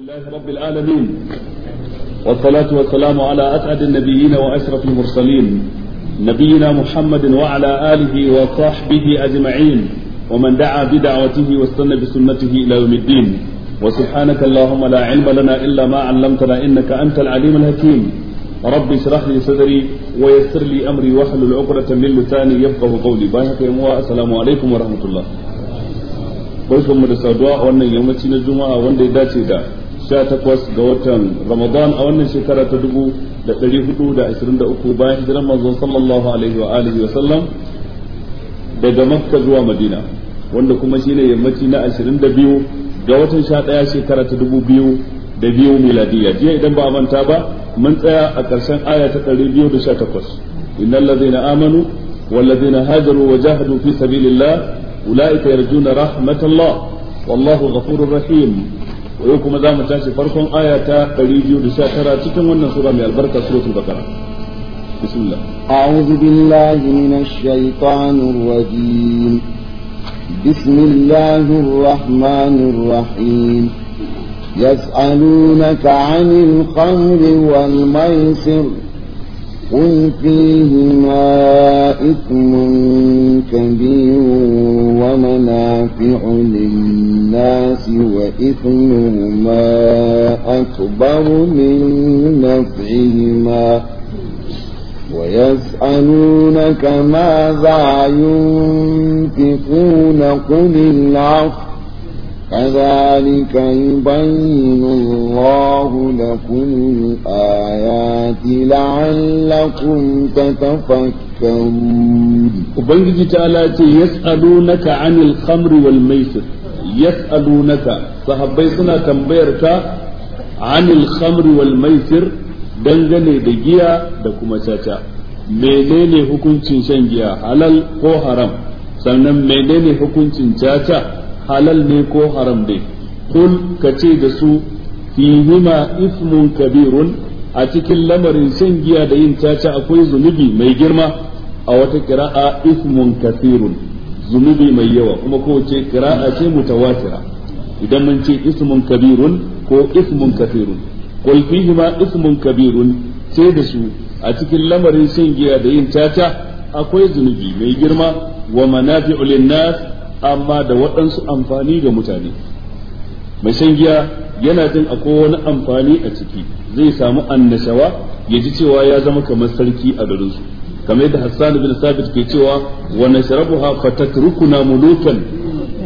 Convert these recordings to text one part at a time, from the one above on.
لله رب العالمين والصلاة والسلام على أسعد النبيين وأشرف المرسلين نبينا محمد وعلى آله وصحبه أجمعين ومن دعا بدعوته واستنى بسنته إلى يوم الدين وسبحانك اللهم لا علم لنا إلا ما علمتنا إنك أنت العليم الحكيم رب اشرح لي صدري ويسر لي أمري واحلل عقدة من لساني يفقه قولي باهك السلام عليكم ورحمة الله barkan mu da saduwa a wannan yammaci na juma'a wanda ya dace da 18 ga watan Ramadan a wannan shekara ta 1423 bayan hijiran manzo sallallahu alaihi wa alihi wa sallam daga Makka zuwa Madina wanda kuma shine yammaci na biyu ga watan 11 shekara ta 2002 miladiya jiya idan ba a manta ba mun tsaya a ƙarshen aya ta 218 innal ladzina amanu wal hajaru wa ulaika yarjuna rahmatallah wallahu ghafurur yau kuma za tashi farkon aya ta 219 cikin wannan sura mai albarka suratul baqara bismillah a'udhu billahi يسألونك عن والميسر قل فيهما إثم كبير ومنافع للناس وإثمهما أكبر من نفعهما ويسألونك ماذا ينفقون قل العفو كذلك يبين الله لكم الآيات لعلكم تتفكرون وبنجي تعالى يسألونك عن الخمر والميسر يسألونك صحبي سنة تنبيرك عن الخمر والميسر dangane da giya da kuma caca menene hukuncin shan giya halal ko haram sannan menene hukuncin caca halal ne ko haram ne kul ka ce da su fihima ismun kabirun a cikin lamarin shan giya da yin caca akwai zunubi mai girma a wata kira'a ismun kasirun zunubi mai yawa kuma kowace kira'a ce mutawatira idan mun ce ismun kabirun ko ismun kasirun kul fihima ismun kabirun sai da su a cikin lamarin shan giya da yin caca akwai zunubi mai girma wa manafi'ul linnas amma da waɗansu amfani ga mutane mai shan giya yana jin akwai wani amfani a ciki zai samu annashawa ya ji cewa ya zama kamar sarki a garinsu kamar yadda Hassan bin Sabit ke cewa wa nashrabuha fatatrukuna mulukan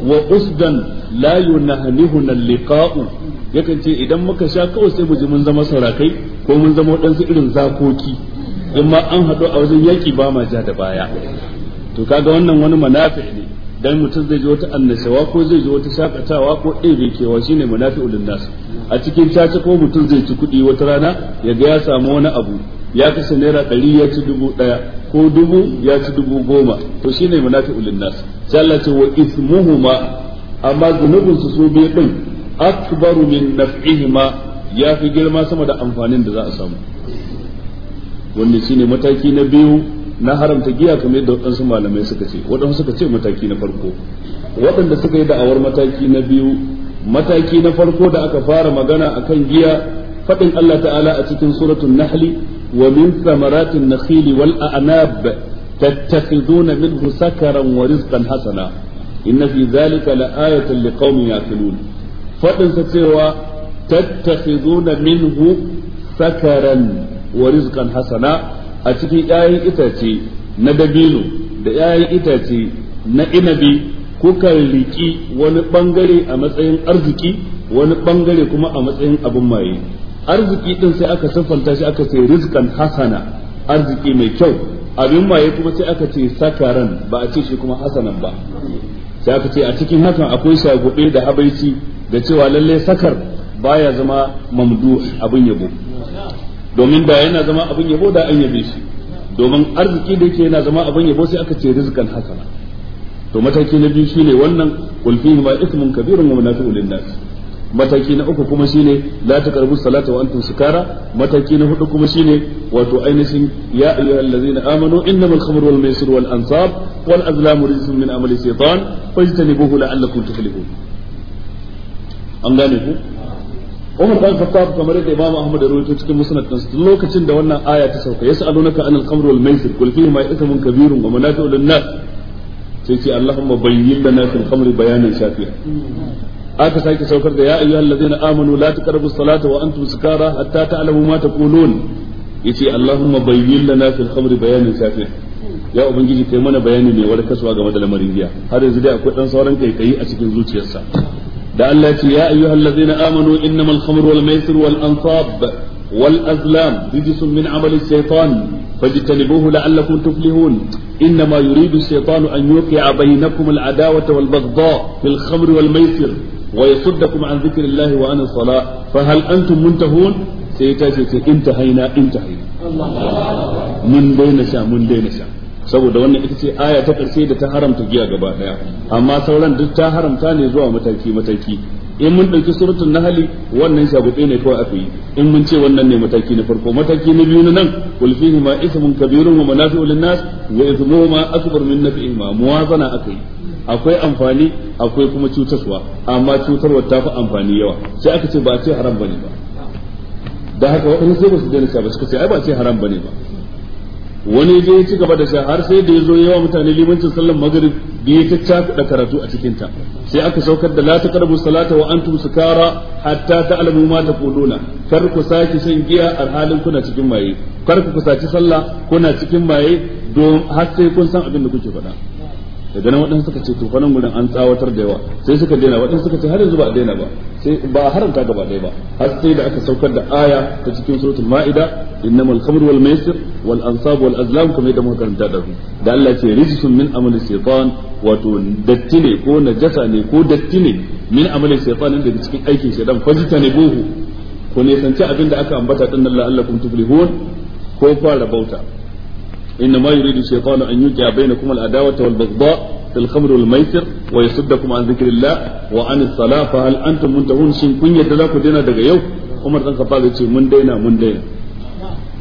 wa usdan la yunahnihuna liqa'u yakan ce idan muka sha kawai sai mu ji mun zama sarakai ko mun zama waɗansu irin zakoki in ma an haɗu a wajen yaƙi ba ma ja da baya to kaga wannan wani manafi ne dan mutum zai ji wata annashawa ko zai ji wata shakatawa ko ɗebe kewa shine munafiqul nas a cikin caca ko mutum zai ci kuɗi wata rana ya ga ya samu wani abu ya kashe naira ɗari ya ci dubu ɗaya ko dubu ya ci dubu goma to shine munafiqul nas sai Allah ce wa ismuhuma amma zunubin su su biyu din akbaru min naf'ihima ya fi girma sama da amfanin da za a samu wannan shine mataki na biyu na haramta giya kamar yadda waɗansu malamai suka ce waɗansu suka ce mataki na farko waɗanda suka yi da'awar mataki na biyu mataki na farko da aka fara magana akan giya faɗin Allah ta'ala a cikin suratun nahli wa min thamaratin nakhili wal a'nab tattakhiduna minhu sakaran wa rizqan hasana inna fi zalika la'ayatan liqaumin yaqilun faɗin sa cewa tattakhiduna minhu sakaran wa rizqan hasana a cikin ƴaƴan itace na dabino da ƴaƴan itace na inabi ko kukan riki wani bangare a matsayin arziki wani bangare kuma a matsayin abin maye arziki ɗin sai aka siffanta shi aka ce rizqan hasana arziki mai kyau abin maye kuma sai aka ce sakaran ba a ce shi kuma hasanan ba sai aka ce a cikin hakan akwai shagube da habaici da cewa lallai sakar baya zama mamdu abin yabo domin da yana zama abin yabo da an yabe shi domin arziki da yake yana zama abin yabo sai aka ce rizqan hasana to mataki na biyu shine wannan qul fihi ma ismun kabirun wa munafiqun lin mataki na uku kuma shine la taqrabu salata wa antum sukara mataki na hudu kuma shine wato ainihin ya ayyuhallazina amanu innamal khamru wal maisir wal ansab wal azlamu rijsun min amali shaytan fajtanibuhu la'allakum tuflihun an gane ku Umar dan Khattab kamar yadda Imam Ahmad ya rawaito cikin musnad din lokacin da wannan aya ta sauka yas'alunaka anil khamri wal maisir qul fihi ma ithmun kabirun wa manafi'u lin nas sai ce Allahumma bayyin lana fil khamri bayanan shafi'a aka sake saukar da ya ayyuhal ladzina amanu la taqrabu salata wa antum sukara hatta ta'lamu ma taqulun yace Allahumma bayyin lana fil khamri bayanan shafi'a ya ubangiji kai mana bayani ne warkaswa game da lamarin giya har yanzu dai akwai dan sauran kai kai a cikin zuciyarsa ده يا أيها الذين آمنوا إنما الخمر والميسر والأنصاب والأزلام رجس من عمل الشيطان فاجتنبوه لعلكم تفلحون إنما يريد الشيطان أن يوقع بينكم العداوة والبغضاء في الخمر والميسر ويصدكم عن ذكر الله وعن الصلاة فهل أنتم منتهون سيتاجي انتهينا انتهينا من دين شام من دين شام saboda wannan ita ce aya ta ƙarshe da ta haramta giya gaba daya amma sauran duk ta haramta ne zuwa mataki mataki in mun ɗauki na hali wannan shagutse ne kawai aka yi in mun ce wannan ne mataki na farko mataki na biyu na nan wal fihi ma ismun kabirun wa manafi'u linnas wa ithmuhuma akbar min mu muwazana aka yi akwai amfani akwai kuma cutarwa amma cutarwa ta fi amfani yawa sai aka ce ba a ce haram bane ba da haka waɗannan sai ba su daina ba suka ce ai ba a ce haram bane ba wani je ya ci da sha har sai da ya zo yawa mutane limancin sallar magarib da ya ta cakuɗa karatu a cikin ta sai aka saukar da lati karbu salata wa an tumsu kara hatta ta alamu ma ta taquluna kar ku sake shan giya a halin kuna cikin maye kar ku kusaci sallah kuna cikin maye don har sai kun san abin da kuke faɗa daga nan waɗansu suka ce to fa nan gurin an tsawatar da yawa sai suka daina waɗansu suka ce har yanzu ba a daina ba sai ba a haramta gaba ɗaya ba har sai da aka saukar da aya ta cikin suratul ma'ida innamal khamru wal maisir wal ansab wal azlam kamar yadda muka karanta da da Allah ce rijsun min amali shaytan wato datti ne ko najasa ne ko datti ne min amali shaytan daga cikin aikin shaytan fajita ne buhu ko ne sanci abin da aka ambata din nan la'allakum tuflihun ko fara bauta إنما يريد الشيطان أن يوقع بينكم العداوة والبغضاء في الخمر والميسر ويصدكم عن ذكر الله وعن الصلاة فهل أنتم منتهون شن كن يتلاك دينا دقا يو عمر بن الخطاب يقول من دينا من دينا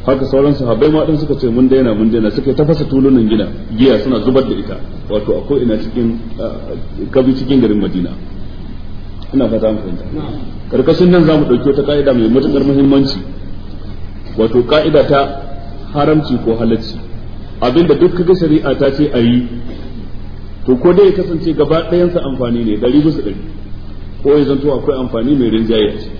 haka sauran sahabbai ma din suka mun daina mun daina suka tafasa tulunan gida giya suna zubar da ita wato akwai ina cikin kabi cikin garin Madina ina fata an fahimta karkashin nan zamu dauki wata ka'ida mai matukar muhimmanci wato ka'ida ta haramci ko halacci abinda duk kaga shari'a ta ce a yi to ko dai ya kasance gaba ɗayansa amfani ne ɗari bisa ɗari ko ya zanto akwai amfani mai rinjaye a ciki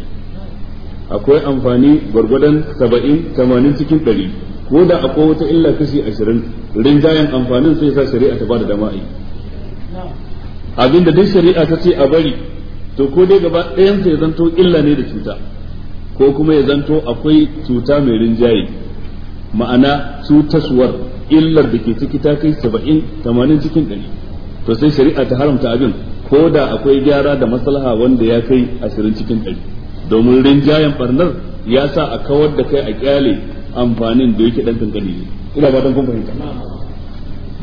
akwai amfani gwargwadon saba'in tamanin cikin ɗari ko da akwai wata illa kashi ashirin rinjayen amfanin sai sa shari'a ta bada dama a yi abinda duk shari'a ta ce a bari to ko dai gaba ɗayansa ya zanto illa ne da cuta ko kuma ya zanto akwai cuta mai rinjaye ma'ana cutaswar illar da ke ciki ta kai saba'in tamanin cikin ɗari to sai shari'a ta haramta abin ko da akwai gyara da maslaha wanda ya kai ashirin cikin ɗari domin rinjayen barnar ya sa a kawar da kai a kyale amfanin da yake ɗan kankani ne ina ba kun fahimta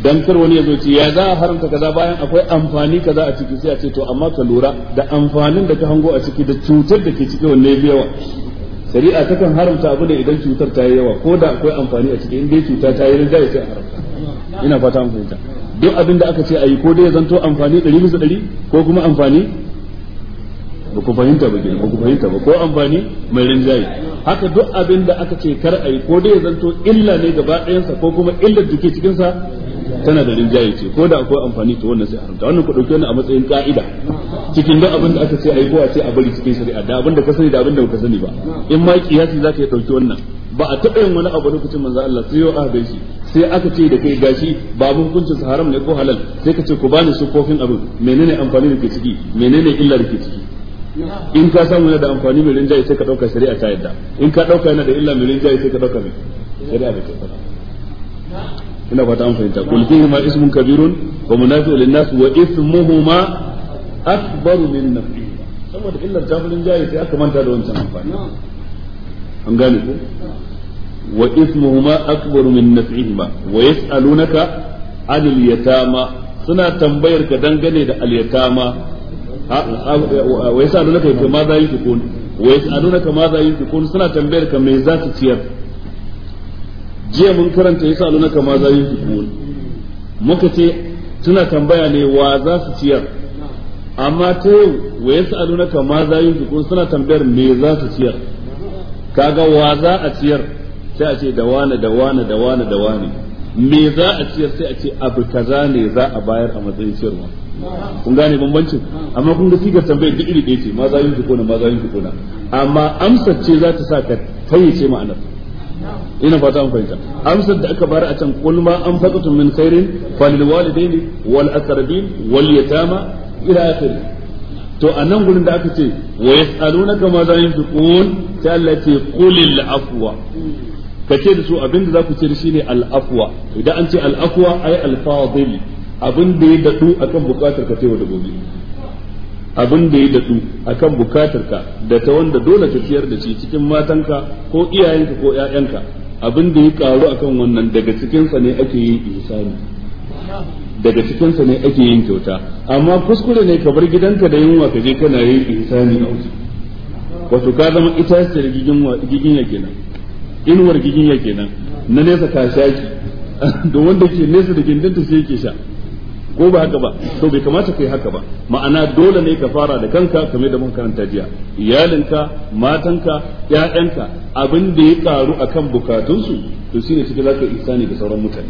dan kar wani ya zo ce ya za a haramta kaza bayan akwai amfani kaza a ciki sai a ce to amma ka lura da amfanin da ka hango a ciki da cutar da ke ciki wanne ya yawa shari'a takan haramta abu ne idan cutar ta yi yawa ko da akwai amfani a cikin dai cuta ta yi rinjaye sai a haramta ina fata an fahimta duk abin da aka ce a yi ko dai zanto amfani ɗari bisa ɗari ko kuma amfani ba ku fahimta ba ba ku fahimta ba ko amfani mai rinjaye haka duk abin da aka ce kar a yi ko dai zanto illa ne gaba ɗayansa ko kuma illar da ke cikinsa tana da rinjaye ce ko da akwai amfani to wannan sai haramta wannan ku dauke wannan a matsayin ka'ida cikin duk abin da aka ce ai ko a ce a bari cikin shari'a da abin da ka sani da abin da ka sani ba in ma kiyasi zaka yi dauke wannan ba a taɓa yin wani abu lokacin manzo Allah sai yau aka shi sai aka ce da kai gashi ba mun hukuncin su haram ne ko halal sai ka ce ku bani su kofin abin menene amfani da ke ciki menene illa da ke ciki in ka samu yana da amfani mai rinjaye sai ka dauka shari'a ta yadda in ka dauka yana da illa mai rinjaye sai ka dauka mai shari'a da ke ina fata an fahimta kul ismun kabirun wa munafi'un wa ismuhuma min saboda sai aka manta da wancan amfani an gane ko wa ismuhuma min wa yas'alunaka yatama suna tambayar ka dangane da al-yatama wa yas'alunaka ma za wa yas'alunaka ma za suna tambayar ka me za su ciyar jiya mun karanta yasa aluna kama za yi muka ce suna tambaya ne wa za su ciyar amma ta yau wa yasa aluna kama za yi suna tambayar me za su ciyar kaga wa za a ciyar sai a ce da wane da wane da wane da wane me za a ciyar sai a ce abu kaza ne za a bayar a matsayin ciyarwa kun gane bambancin amma kun ga sigar tambayar duk iri ɗaya ce ma za yi na ma za yi amma amsar ce za ta sa ka fayyace ma'anar ina fata an fahimta amsar da aka bayar a can qul ma an anfaqtum min khairin falil walidaini wal aqrabin wal yatama ila akhir to a nan gurin da aka ce wa yas'alunaka ma za yunfiqun ta Allah ce qulil afwa ka ce da su abinda za ku ce shi ne al'afwa idan an ce al'afwa ai alfadil abin da ya dadu akan bukatar ka cewa da gobe abin da ya dadu akan bukatar ka da ta wanda dole ka ciyar da shi cikin matanka ko iyayenka ko ƴaƴanka abin da ya karu akan wannan daga cikinsa ne ake yin ihsani daga cikinsa ne ake yin kyauta amma kuskure ne ka bar gidanka da yunwa ka je kana yin ihsani a wasu wato ka zama itaciyar gigin ya nan inuwar gigin ya nan na nesa ka shaki don wanda ke nesa da ta sai yake sha ko ba haka ba to bai kamata kai haka ba ma'ana dole ne ka fara da kanka kamar da muka karanta jiya iyalinka matanka ƴaƴanka abin da ya karu akan bukatunsu to shine cikin zaka ihsani ga sauran mutane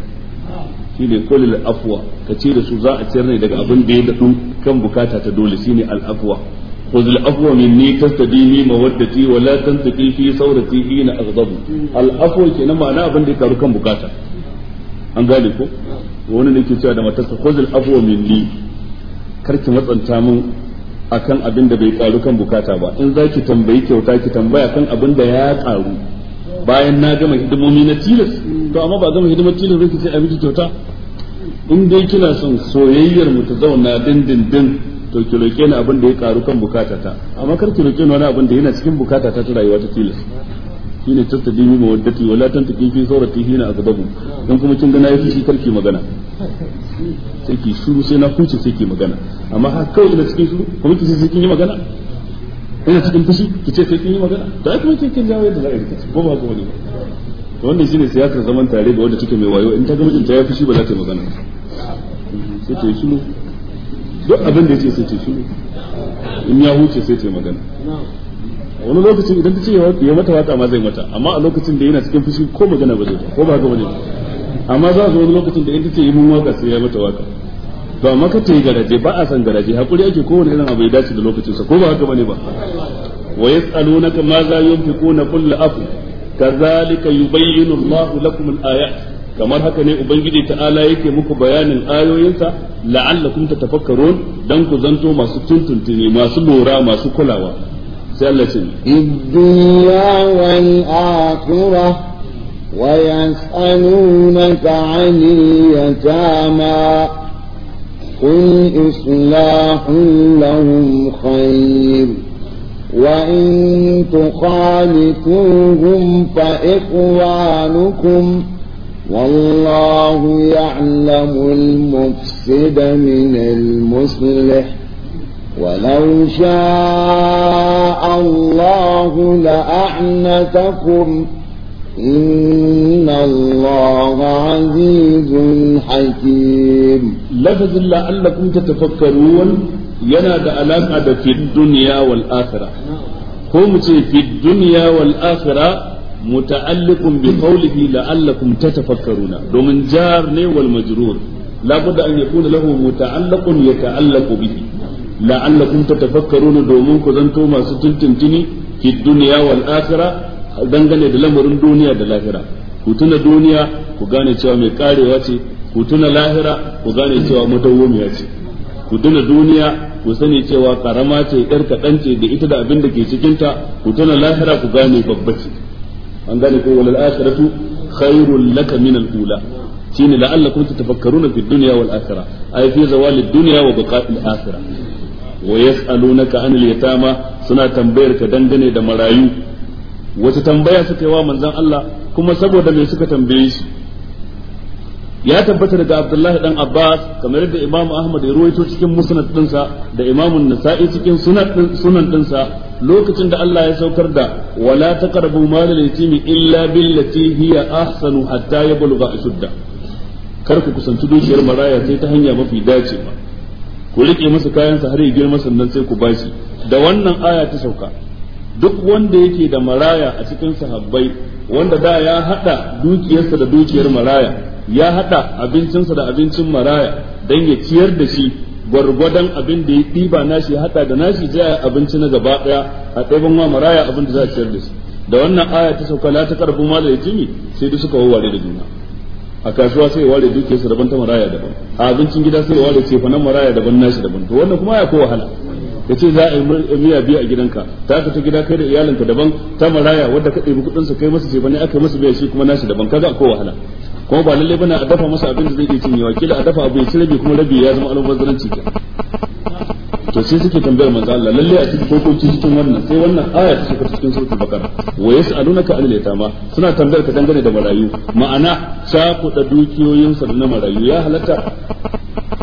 shine kulil afwa ka ce da su za a ciyar ne daga abin da ya dadu kan bukata ta dole shine al afwa خذ العفو مني تستديني مودتي ولا تنتقي في ثورتي حين اغضب العفو كنا معناه abin da ya karu kan bukata an gane ko wani ne ke cewa da matarsa khuzul afwa li karki matsanta mun akan abin da bai karu kan bukata ba in zaki tambayi kyauta ki tambaya kan abin da ya karu bayan na gama hidimomi na tilas to amma ba gama hidimar tilas ba ki sai abin kyauta in dai kina son soyayyar mu ta zauna dindindin to ki roke ni abin da ya karu kan bukatata amma karki roke ni wani abin da yana cikin bukata ta rayuwa ta tilas shine tastadimi mawaddati wala tantaki fi sawrati hina azabu dan kuma kin ga na yi shi karki magana sai ki shuru sai na kuce sai ki magana amma har kai ina cikin shuru kuma ki sai kin yi magana ina cikin fushi ki ce sai kin yi magana da ai kuma kin kin jawo yadda za ka yi ko ba ko ne to wannan shine siyasar zaman tare da wanda take mai wayo in ta ga ta ya fushi ba za ta yi magana sai ta yi shuru duk abin da yake sai ta yi shuru in ya huce sai ta yi magana wani lokacin idan ta ce ya mata waka ma zai mata amma a lokacin da yana cikin fushi ko magana ba zai ko ba ga ba amma za zo wani lokacin da in ta ce yi mun waka sai ya mata waka to amma ka ta yi garaje ba a san garaje hakuri ake kowane irin abu ya dace da sa ko ba haka bane ba wa yas'alunaka ma za yunfiquna qul afu kazalika yubayyinu Allahu lakum al-ayat kamar haka ne ubangiji ta'ala yake muku bayanin ayoyinsa la'allakum tatafakkarun dan ku zanto masu tuntuntuni masu lura masu kulawa سألتني الدنيا والآخرة ويسألونك عن اليتامى قل إصلاح لهم خير وإن تخالفوهم فإخوانكم والله يعلم المفسد من المصلح ولو شاء الله لأعنتكم إن الله عزيز حكيم لفظ لعلكم تتفكرون ينادى ألاك أدى في الدنيا والآخرة هم في الدنيا والآخرة متعلق بقوله لعلكم تتفكرون دومن جار والمجرور لابد أن يكون له متعلق يتعلق به la'allakum tatafakkaruna domin ku zanto masu tuntuntuni fi dunya wal akhirah dangane da lamarin duniya da lahira ku tuna duniya ku gane cewa mai karewa ce ku tuna lahira ku gane cewa madawwamiya ce ku tuna duniya ku sani cewa karama ce yar kaɗan ce da ita da abin da ke cikinta ku tuna lahira ku gane babba ce an gane ko walal akhiratu khairul laka min al ula shine la'allakum tatafakkaruna fi dunya wal akhirah ay fi zawal ad dunya wa baqa'il akhirah wa yas'alunaka anil yatama suna tambayar ka dangane da marayu wata tambaya suka yi wa manzon Allah kuma saboda me suka tambaye shi ya tabbata daga Abdullahi dan Abbas kamar yadda Imam Ahmad ya ruwaito cikin musnad da Imam Nasa'i cikin sunan sunan dinsa lokacin da Allah ya saukar da wala taqrabu malal yatimi illa billati hiya ahsanu hatta yablugha ashudda kar ku kusanci dukiyar maraya sai ta hanya mafi dace dacewa ku rike masa kayansa har ya girma sannan sai ku bashi da wannan aya ta sauka duk wanda yake da maraya a cikin sahabbai wanda da ya hada dukiyarsa da dukiyar maraya ya hada abincinsa da abincin maraya dan ya ciyar da shi gwargwadon abin da ya ɗiba nashi ya hada da nashi sai a abinci na gaba daya a ɗaiban wa maraya abin da za a ciyar da shi da wannan aya ta sauka la ta karbu ma da sai da suka warware da juna a kasuwa sai ware dukiyar su daban ta maraya daban a abincin gida sai ware ce fa nan maraya daban nashi daban to wannan kuma ya ko wahala yace za a yi miya biya a gidanka ta ka ta gida kai da iyalinka daban ta maraya wanda ka ɗebi kuɗin sa kai masa ce bane aka masa biya shi kuma nashi daban kaga ko wahala kuma ba lalle bane a dafa masa abin da zai iya cinyewa kila a dafa abu ya ci rabi kuma rabi ya zama almubazzaranci kenan to sai suke tambayar manzo Allah lalle a cikin kokoki cikin wannan sai wannan aya ta shiga cikin suratul baqara wa yas'alunaka anil yatama suna tambayar ka dangane da marayu ma'ana sa ku da dukiyoyin sa na marayu ya halatta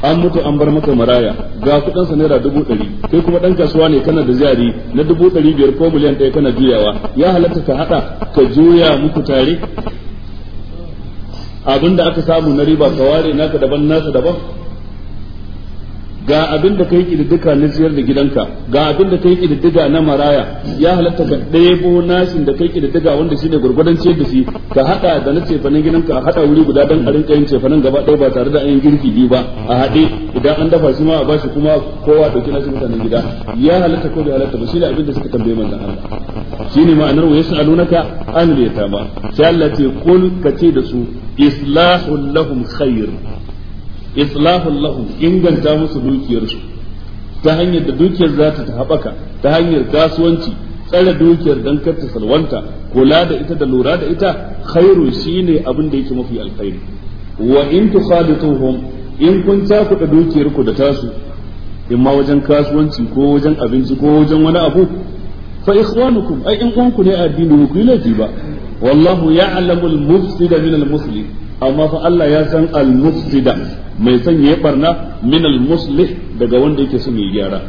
an mutu an bar maka maraya ga kudin sa naira dubu ɗari kai kuma dan kasuwa ne kana da jari na dubu ɗari biyar ko miliyan ɗaya kana juyawa ya halatta ka hada ka juya muku tare abinda aka samu na riba ka ware naka daban nasa daban ga abin da kai kididdiga na ziyar da gidanka ga abin da kai kididdiga na maraya ya halatta ka ɗebo nashin da kai kididdiga wanda shine gurgurdan ce da shi ka haɗa da na cefanen gidanka a hada wuri guda dan a kayan yin cefanen gaba ɗaya ba tare da an yi girki biyu ba a haɗe idan an dafa shi ma a bashi kuma kowa dauki nashi mutanen gida ya halatta ko bai halatta ba shine abin da suka tambaye manzon Allah shine ma'anar wa ka an ba sai Allah ce kul ce da su islahul lahum khair islahul inganta musu dukiyarsu ta hanyar da dukiyar za ta haɓaka ta hanyar kasuwanci tsare dukiyar don karta salwanta kula da ita da lura da ita khairu shine abin da yake mafi alkhairi wa in tukhalituhum in kun cakuɗa dukiyar ku da tasu in ma wajen kasuwanci ko wajen abinci ko wajen wani abu fa ikhwanukum ai in uwanku ne addini ku kuyi laifi ba wallahu ya al-mufsida min al-muslih amma fa Allah ya san al mai sanya ya barna min al-muslih daga wanda yake so mai gyara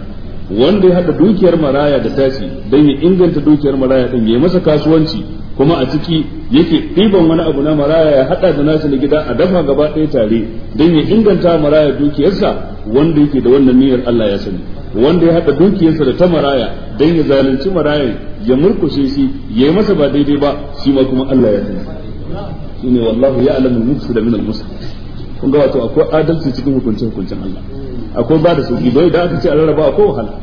wanda ya hada dukiyar maraya da tashi dan ya inganta dukiyar maraya din ya masa kasuwanci kuma a ciki yake ɗiban wani abu na maraya ya haɗa da nasu na gida a dafa gaba ɗaya tare don ya inganta maraya dukiyarsa wanda yake da wannan niyyar Allah ya sani wanda ya haɗa dukiyarsa da ta maraya don ya zalunci maraya ya murkushe shi ya yi masa ba daidai ba shi ma kuma Allah ya sani ne wallahu ya alamu musu da minan musu. kun ga wato akwai adalci cikin hukuncin hukuncin Allah akwai ba da sauki bai da aka ce a rarraba akwai wahala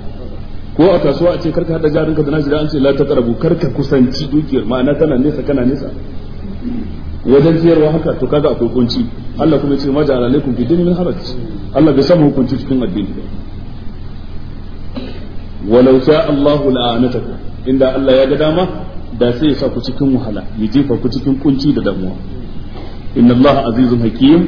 ko a kasuwa a ce karka hada jarinka da nashi da an ce la taqrabu karka kusanci dukiyar ma'ana tana nesa kana nesa wajen siyarwa haka to kaga akwai kunci Allah kuma ya ce maja alaikum fi dinin haraj Allah bai samu hukunci cikin addini ba walau sha Allahu la'anatakum inda Allah ya ga dama da sai ya sa ku cikin wahala ya jefa ku cikin kunci da damuwa inna Allah azizun hakim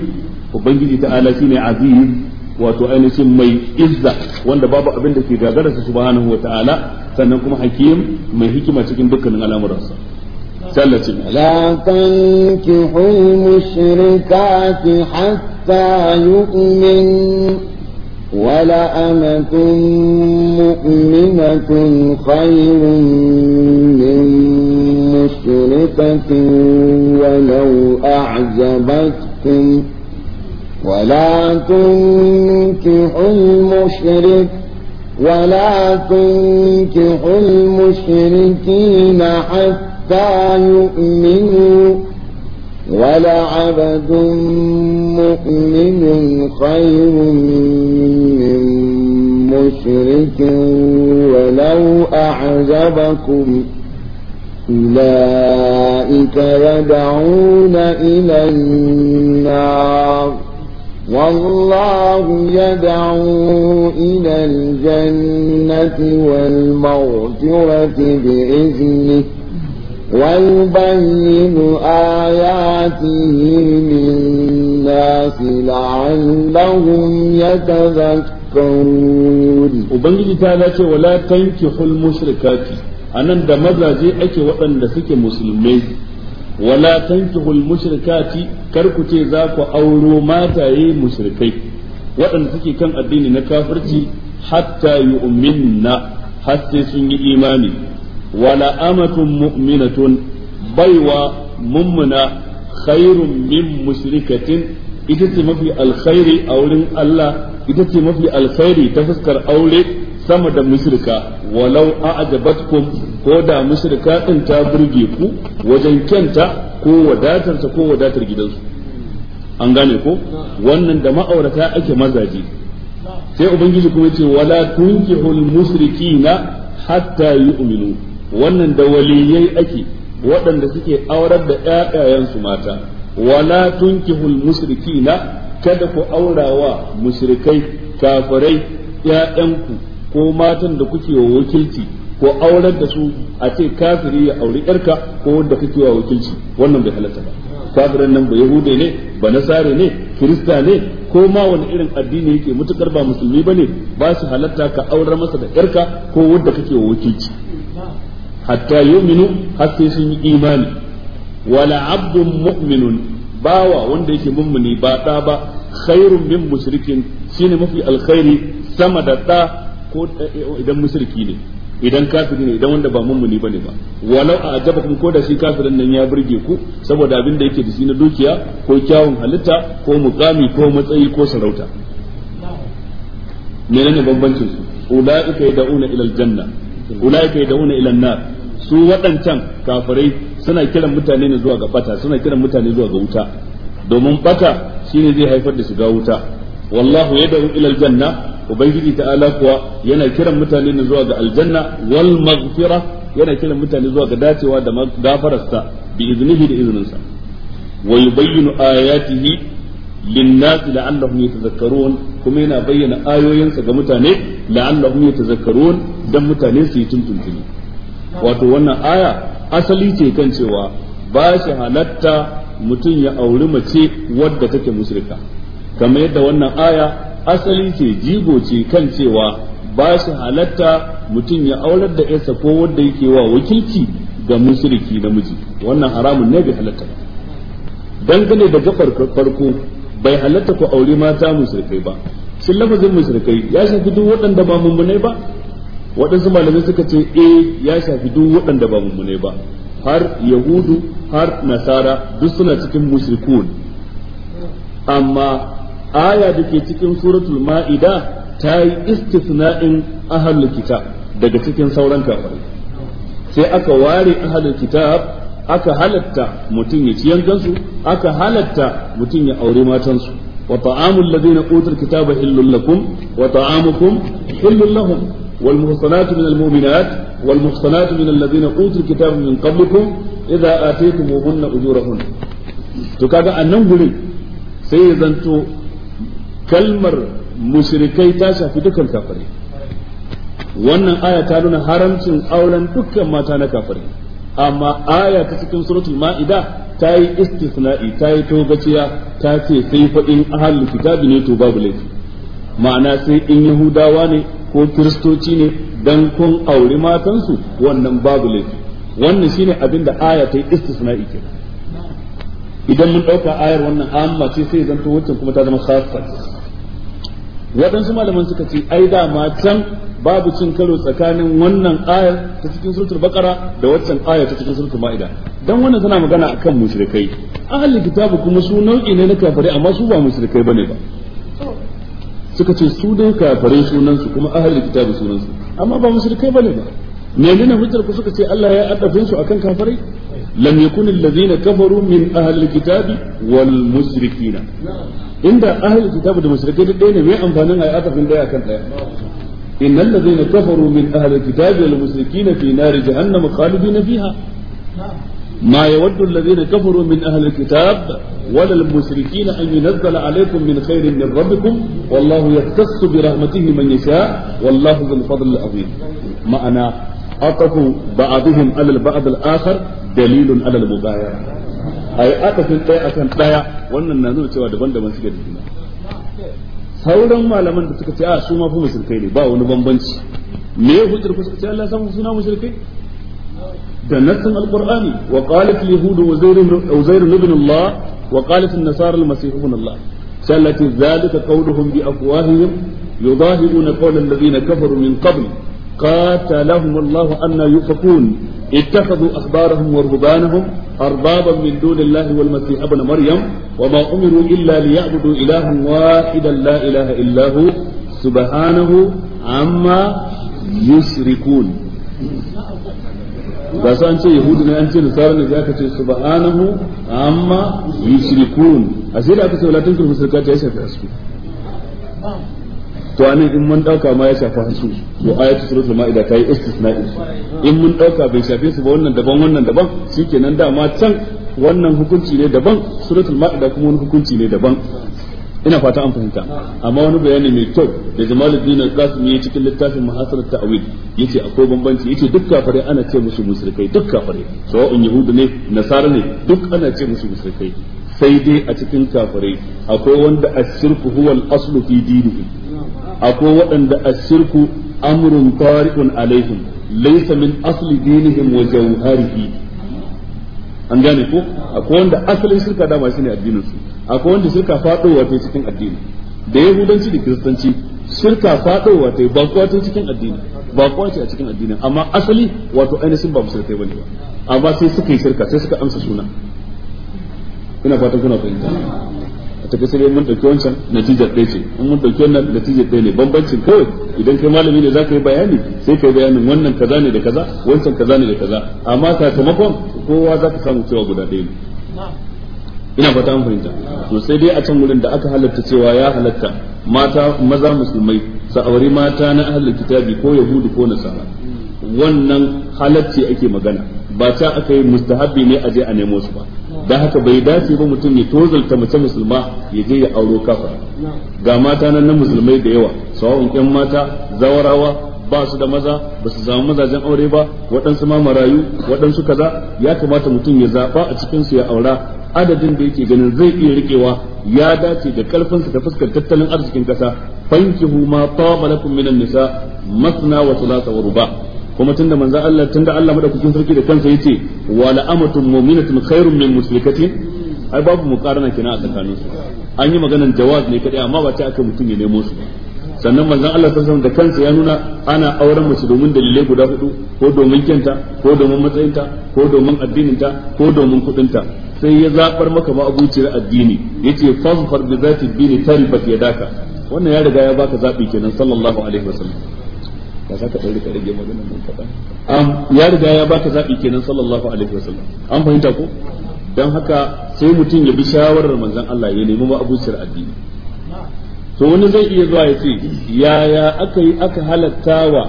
ubangiji ta'ala shine aziz wato ainihin mai izza wanda babu abin da ke gagara su subhanahu ta'ala sannan kuma hakim mai hikima cikin dukkanin al'amuransa لا تنكحوا المشركات حتى يؤمن ولأمة مؤمنة خير من مشركة ولو أعجبتكم ولا تنكحوا المشرك ولا تنكحوا المشركين حتى يؤمنوا ولعبد مؤمن خير من مشرك ولو أعجبكم أولئك يدعون إلى النار والله يدعو إلى الجنة والمغفرة بإذنه ويبين آياته للناس لعلهم يتذكرون وبنجي تعالى ولا تنكحوا المشركات anan da mazaje ake waɗanda suke musulmai wala tankihul mushrikati kar ku ce za ku auro mataye mushrikai waɗanda suke kan addini na kafirci hatta yu'minna har sai sun yi imani wala amatun mu'minatun baiwa mummuna khairun min mushrikatin ita ce mafi alkhairi a wurin Allah ita ce mafi alkhairi ta fuskar aure sama da mushrika walau a'jabatkum ko da mushrika din ta burge ku wajen kyanta ko wadatarta ko wadatar gidansu an gane ko wannan da ma'aurata ake mazaje sai ubangiji kuma yace wala tunkihul musrikina hatta yu'minu wannan da waliyai ake waɗanda suke aurar da su mata wala tunkihul musrikina kada ku aurawa mushrikai kafirai ƴaƴanku ko matan da kuke wa wakilci ko aurar da su a ce kafiri ya auri yarka ko wanda kake wa wakilci wannan bai halatta ba kafiran nan ba yahude ne ba nasare ne kirista ne ko ma wani irin addini yake mutukar ba musulmi bane ba su halatta ka aurar masa da yarka ko wanda kake wa wakilci hatta yu'minu har sun yi imani wala abdun mu'minun bawa wanda yake mummuni ba da ba khairun min mushrikin shine mafi alkhairi sama da da ko eh, idan musulki ne idan kafiri ne idan wanda ba muni bane ba walau a ajaba kuma ko da shi kafirin nan ya burge ku saboda abin da yake da shi na dukiya ko kyawun halitta ko mukami ko matsayi ko sarauta menene bambancin su ulaika yad'una ila aljanna ulaika yad'una ila an-nar su waɗancan kafirai suna kiran mutane ne zuwa ga bata suna kiran mutane zuwa ga wuta domin bata shine zai haifar da shiga wuta wallahu yad'u ila aljanna ubangiji ta'ala kuwa yana kiran mutane ne zuwa ga aljanna wal maghfira yana kiran mutane zuwa ga dacewa da gafararsa bi iznihi da izninsa wa yubayyinu ayatihi للناس لعلهم يتذكرون كما ينا بين آيوين سجا متاني لعلهم يتذكرون دم متاني سيتم تنتني wato wannan aya asali ce kan cewa ba shi halatta mutum ya auri mace wadda take musirika. kamar yadda wannan aya asali ce jigo ce kan cewa ba shi halatta mutum ya aurar da yarsa ko wanda yake wa wakilci ga mushriki namiji wannan haramun ne bai halatta dangane da gafar farko bai halatta ku aure mata musulkai ba sun lafazin musulkai ya shafi duk waɗanda ba mummunai ba waɗansu malamai suka ce e ya shafi duk waɗanda ba mummunai ba har yahudu har nasara duk suna cikin musulkun amma aya da ke cikin suratul ma'ida ta yi istisna'in ahlul kitab daga cikin sauran kafirai sai aka ware ahlul kitab aka halatta mutum ya ci yankansu aka halatta mutum ya aure matansu wa ta'amul ladina utul kitaba illul lakum wa ta'amukum illul lahum wal muhsanatu minal mu'minat wal muhsanatu minal ladina utul kitaba min qablikum idza ataytumuhunna ujurahun to kaga annan gurin sai ya zanto kalmar musirikai ta shafi dukkan kafari wannan aya ta nuna haramcin auren dukkan mata na kafari amma aya ta cikin suratul ma'ida ta yi istisna'i ta yi togaciya ta ce sai fa in ahlul kitabi ne to babu laifi ma'ana sai in yahudawa ne ko kiristoci ne dan kun auri matansu wannan babu laifi wannan shine abin da aya ta yi istisna'i ke. idan mun ɗauka ayar wannan amma ce sai zanto wancan kuma ta zama khassa waɗansu malaman suka ce ai ma can babu cin karo tsakanin wannan ayar ta cikin suratul bakara da waccan ayar ta cikin suratul maida dan wannan tana magana akan mushrikai ahli kitabu kuma su nau'i ne na kafirai amma su ba mushrikai bane ba suka ce su dai kafirai sunan su kuma ahli kitabu sunan su amma ba mushrikai bane ba ne nuna hujjar ku suka ce Allah ya addafin su akan kafirai lam yakunil ladina kafaru min ahli kitabi wal mushrikina inda ahlul kitab da mushrikai da ɗaya ne mai amfanin ayi atafin daya akan daya innal ladzina kafaru min ahlil kitabi wal mushrikina fi nari jahannam khalidina fiha ما يود الذين كفروا من أهل الكتاب ولا المشركين أن ينزل عليكم من خير من ربكم والله يختص برحمته من يشاء والله ذو الفضل العظيم معنى عطف بعضهم على البعض الآخر دليل على المبايعة ai akasin ɗaya akan ɗaya wannan na nuna cewa daban-daban suke da juna sauran malaman da suka ce a ah, su ma fa mushrikai ne ba wani bambanci me ya hujjar ku suka ce Allah samu suna mushrikai da nassin alqur'ani wa qalat na yahud uzair ibn Allah wa qalat an-nasara al-masih ibn Allah zalika qawluhum bi afwahihim yudahiruna qawla alladhina kafaru min qabl قاتلهم الله أن يؤفكون اتخذوا أخبارهم ورهبانهم أربابا من دون الله والمسيح ابن مريم وما أمروا إلا ليعبدوا إلها واحدا لا إله إلا هو سبحانه عما يشركون ba su an ce yahudu ne an ce nasara ne aka ce subhanahu amma yushrikun a sai da aka ce wala tunkir musrika ta ya shafi asu to anan in mun dauka ma ya shafa su to ayatu suratul maida ta yi istisna'i in mun dauka bai shafe su ba wannan daban wannan daban shikenan dama can wannan hukunci ne daban suratul maida kuma wani hukunci ne daban ina fata an fahimta amma wani bayani mai kyau da Jamaluddin al-Qasim ya cikin littafin Mahasarat Ta'wil yace akwai bambanci yace duk kafare ana ce musu musulkai duk kafare sawa'un yahudu ne nasara ne duk ana ce musu musulkai sai dai a cikin kafare akwai wanda asirku huwal aslu fi dinihi akwai waɗanda a ashirku amrun tariqun alaihim laysa min asli dinihim wa jawharihi an gane ko akwai wanda asalin shirka dama shine addinin su akwai wanda shirka fadowa ta cikin addini da yahudanci da kiristanci shirka fadowa ta ba kuwa ta cikin addini ba kuwa ce cikin addini amma asali wato ainihin ba musulmai bane ba amma sai suka yi shirka sai suka amsa suna ina fatan kuna fahimta tafi sai mun dauki wancan natija ɗaya ce in mun dauki wannan natija ɗaya ne bambancin kawai idan kai malami ne zaka yi bayani sai kai bayanin wannan kaza ne da kaza wancan kaza ne da kaza amma sakamakon kowa zaka samu cewa guda ɗaya ne ina fata an fahimta to sai dai a can wurin da aka halatta cewa ya halatta mata maza musulmai su auri mata na ahlul kitabi ko yahudu ko nasara wannan halacci ake magana ba ta aka yi mustahabbi ne a je a nemo su ba da haka bai dace ba mutum ya tozalta mace musulma ya je ya auro kafa ga mata nan na musulmai da yawa sawa'un yan mata zawarawa ba su da maza ba su samu mazajen aure ba waɗansu ma marayu waɗansu kaza ya kamata mutum ya zaɓa a cikin su ya aura adadin da yake ganin zai iya riƙewa ya dace da ƙarfinsa ta fuskar tattalin arzikin ƙasa fankihu ma tawa malakun minan nisa masna wa thulatha wa ruba' kuma tunda manzo Allah tunda Allah madaukakin sarki da kansa yace wala amatun mu'minatun khairun min musrikatin ai babu muqarana kenan a tsakanin su an yi maganan jawaz ne kadai amma ba ta aka mutum ya nemo su sannan manzon Allah sallallahu alaihi da kansa ya nuna ana auren mace domin dalilai guda hudu ko domin kyanta ko domin matsayinta ko domin addininta ko domin kudinta sai ya zabar maka ma abuciyar addini yace fazfar bi zati dini tarifat yadaka wannan ya riga ya baka zabi kenan sallallahu alaihi wasallam za ka ɗan rika rage maganar nan kaɗan ya riga ya ba ta zaɓi kenan sallallahu alaihi wasallam an fahimta ko don haka sai mutum ya bi shawarar manzon Allah ya nemi ma'abuciyar addini to wani zai iya zuwa ya ce yaya aka yi aka halatta wa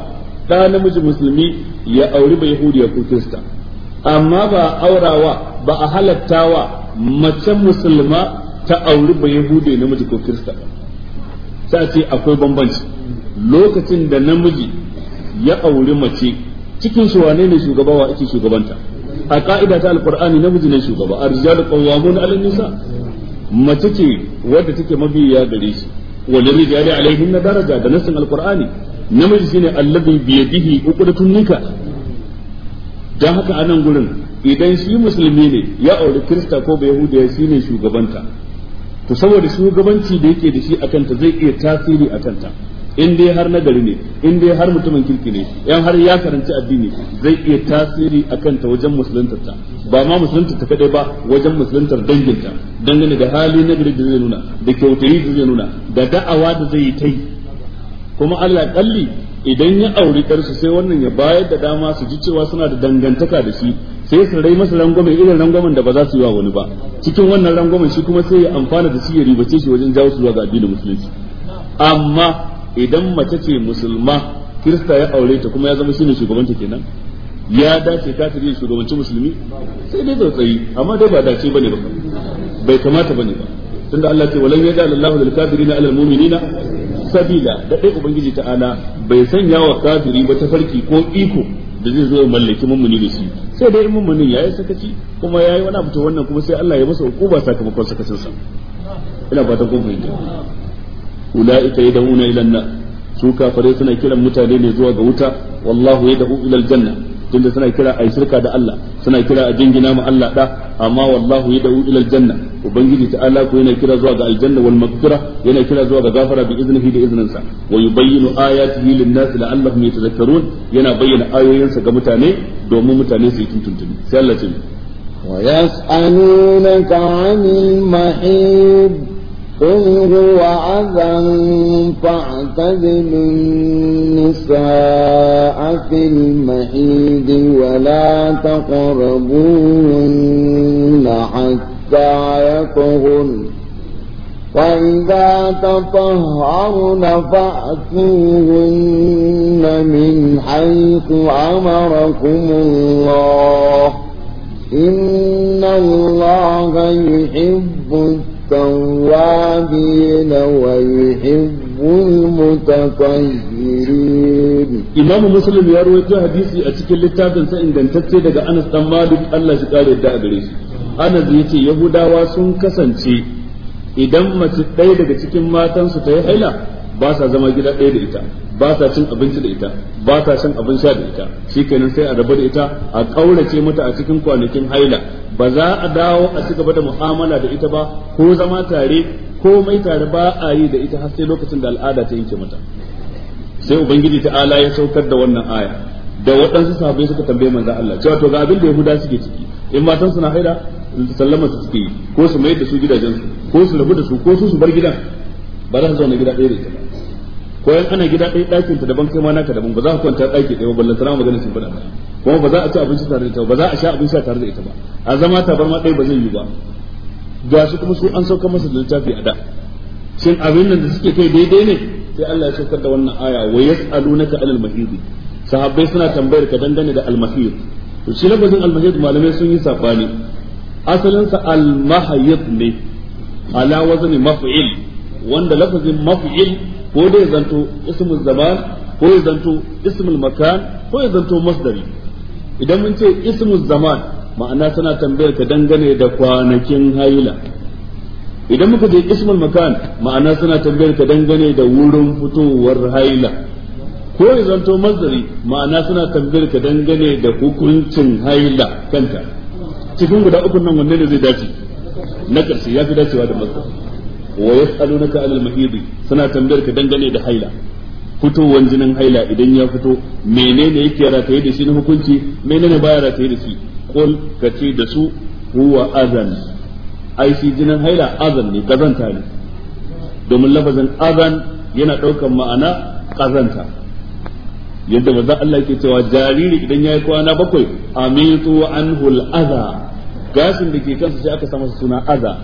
ɗa namiji musulmi ya auri ba yahudiya ko kirista amma ba a aurawa ba a halatta wa macen musulma ta auri ba yahudiya namiji ko kirista ba sai ce akwai bambanci lokacin da namiji ya auri mace cikin su wane ne shugaba wa ake shugabanta a ka'ida ta alqur'ani namiji ne shugaba da qawwamun 'ala nisa mace ce wadda take mabiya gare shi wal rijali alaihin daraja da nassin alqur'ani namiji shine alladhi bi yadihi uqdatun nika dan haka anan gurin idan shi musulmi ne ya auri kirista ko ya shine shugabanta to saboda shugabanci da yake da shi kanta zai iya tasiri a kanta in dai har nagari ne in dai har mutumin kirki ne yan har ya karanci addini zai iya tasiri a kanta wajen musuluntar ta ba ma musuluntar ta kadai ba wajen musuluntar danginta dangane da hali nagari da zai nuna da kyautari da zai nuna da da'awa da zai yi ta yi kuma Allah kalli idan ya auri karsu sai wannan ya bayar da dama su ji cewa suna da dangantaka da shi sai su rai masa rangwamen irin rangwamen da ba za su yi wa wani ba cikin wannan rangwamen shi kuma sai ya amfana da shi ya ribace shi wajen jawo su zuwa ga addinin musulunci amma idan mace ce musulma kirista ya aure ta kuma ya zama shine shugabanta kenan ya dace ka ta yi shugabanci musulmi sai dai tsautsayi amma dai ba dace bane ba bai kamata bane ba tunda Allah ce walan ya Allahu lil kafirina alal mu'minina sabila da dai ubangiji ta'ala bai sanya wa kafiri ba tafarki ko iko da zai zo ya mallaki mummuni da shi sai dai in mummunin yayi sakaci kuma yayi wani abu to wannan kuma sai Allah ya masa hukuma sakamakon sakacin sa ina fatan kun fahimta ulaika yad'una ila an-nar su kafare suna kiran mutane ne zuwa ga wuta wallahu yad'u ila al-janna tunda suna kira a shirka da Allah suna kira a jingina ma Allah da amma wallahu yad'u ila janna ubangiji ta'ala ko yana kira zuwa ga aljanna wal maghfira yana kira zuwa ga gafara bi iznihi da sa wa yubayyinu ayatihi lin nas la'allahum yatadhakkarun yana bayyana ayoyinsa ga mutane domin mutane su yi tuntuntuni sai Allah ce ويسألونك عن المحيط قل هو أذى فاعتزلوا النساء في المحيض ولا تقربوهن حتى يطهرن فإذا تطهرن فأتوهن من حيث أمركم الله إن الله يحب التوابين ويحب المتطهرين إمام مسلم يروي حديثي أتكل للتابن سإن دنتتي دقى أنس دم مالك الله شكال يدعى بريش أنس يهودا واسون كسنتي idan mace ɗaya daga cikin matansu ta yi haila ba sa zama gida ɗaya da ita ba sa cin abinci da ita ba sa shan abin sha da ita shi kenan sai a rabu da ita a ƙaurace mata a cikin kwanakin haila ba za a dawo a ci gaba da mu'amala da ita ba ko zama tare ko mai tare ba a yi da ita har sai lokacin da al'ada ta yanke mata sai ubangiji ta ala ya saukar da wannan aya da waɗansu sahabbai suka tambaye manzo Allah cewa to ga abin da Yahuda suke ciki in matan suna haida sallama su suke yi ko su mai da su gidajen su ko su rabu da su ko su su bar gidan ba za su zauna gida ɗaya da ita ba ko yan ana gida ɗaya ɗakin ta daban kai ma naka daban ba za ka kwanta ɗaki ɗaya ba ballan sana magana sun faɗa kuma ba za a ci abinci tare da ita ba za a sha abinci sha tare da ita ba a zama tabarma ɗaya ba zai yi ba ga su kuma su an sauka masa da littafi a da shin abin nan da suke kai daidai ne sai Allah ya saukar da wannan aya wa yas'alunaka alal mahidi sahabbai suna tambayar ka dangane da almahid to shi lafazin almahid malamai sun yi sabani asalin sa almahid ne ala wazni maf'il wanda lafazin maf'il ko dai zanto ismul zaman ko ya zanto ismul makan ko ya zanto masdari idan mun ce ismu zaman ma'ana tana tambayar ka dangane da kwanakin haila idan muka je ismul makan ma'ana suna tambayar ka dangane da wurin fitowar haila ko ya zanto mazari ma'ana suna tambayar ka dangane da hukuncin haila kanta cikin guda uku nan wanne ne zai dace na ƙarshe ya fi dacewa da mazari wa yas'alunaka 'anil mahidi suna tambayar ka dangane da haila fitowar jinin haila idan ya fito menene yake rataye da shi na hukunci menene baya rataye da shi kul kace da su huwa azan ai shi jinin haila azan ne kazanta ne domin lafazin azan yana daukar ma'ana kazanta yadda manzon Allah yake cewa jariri idan ya yi kwana bakwai amitu anhu al gashin da ke kansa sai aka sa masa suna aza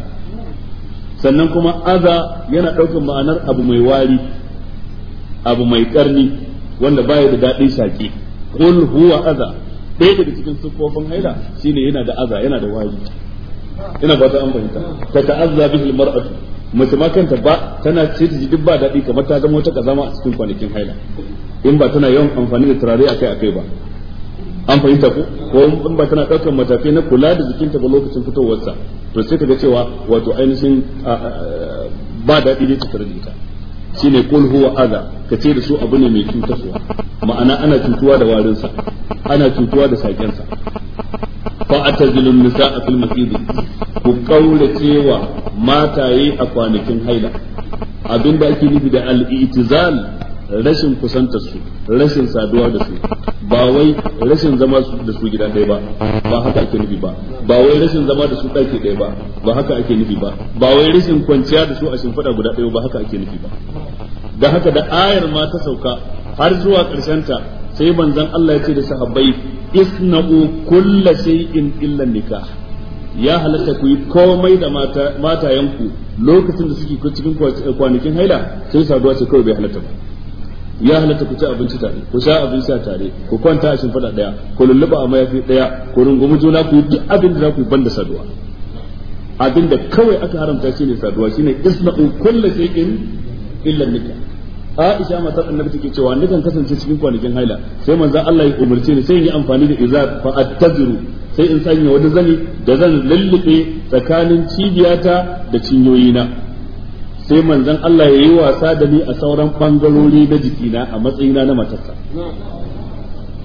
sannan kuma aza yana ɗaukan ma'anar abu mai wari abu mai karni wanda ya da dadin shaki kul huwa aza ɗaya daga cikin siffofin haila shine yana da aza yana da wari ina ba ta an fahimta ta ta'azza bihi mar'atu mace ma kanta ba tana ce ta ji ba daɗi kamar ta zama wata kazama a cikin kwanakin haila in ba tana yawan amfani da turare akai akai ba an fahimta ko ko in ba tana ɗaukar matakai na kula da jikinta ba lokacin fitowarsa to sai ka ga cewa wato ainihin ba daɗi ne ta da ita shine qul huwa adha ka ce da su abu ne mai cutarwa ma'ana ana cutuwa da warinsa ana cutuwa da sakensa. sa fa nisa nisaa fil masjid ku kaula cewa mataye a kwanakin haila abinda ake nufi da al-i'tizal rashin kusantar su rashin saduwa da su ba wai rashin zama da su gida ɗaya ba ba haka ake nufi ba ba wai rashin zama da su ɗaki ɗaya ba ba haka ake nufi ba ba wai rashin kwanciya da su a shimfiɗa guda ɗaya ba haka ake nufi ba da haka da ayar ma ta sauka har zuwa ta sai manzon Allah ya ce da sahabbai isna'u kulla shay'in illa nikah ya halatta ku yi komai da matayenku lokacin da suke cikin kwanakin haila sai saduwa ce kawai bai halatta ba ya halatta ku ci abinci tare ku sha abin sha tare ku kwanta a shimfiɗa ɗaya ku lulluɓa a mayafi ɗaya ku rungumi juna ku yi duk abin da za ku yi banda saduwa abin da kawai aka haramta shine saduwa shine isna'u kullu shay'in illa nika Aisha matar Annabi take cewa nikan kasance cikin kwanakin haila sai manzo Allah ya umarce ni sai in yi amfani da izar fa attaziru sai in sanya wani zani da zan lullube tsakanin cibiyata da cinyoyina sai manzon Allah ya yi wasa da ni a sauran bangarori na jikina a matsayina na matarsa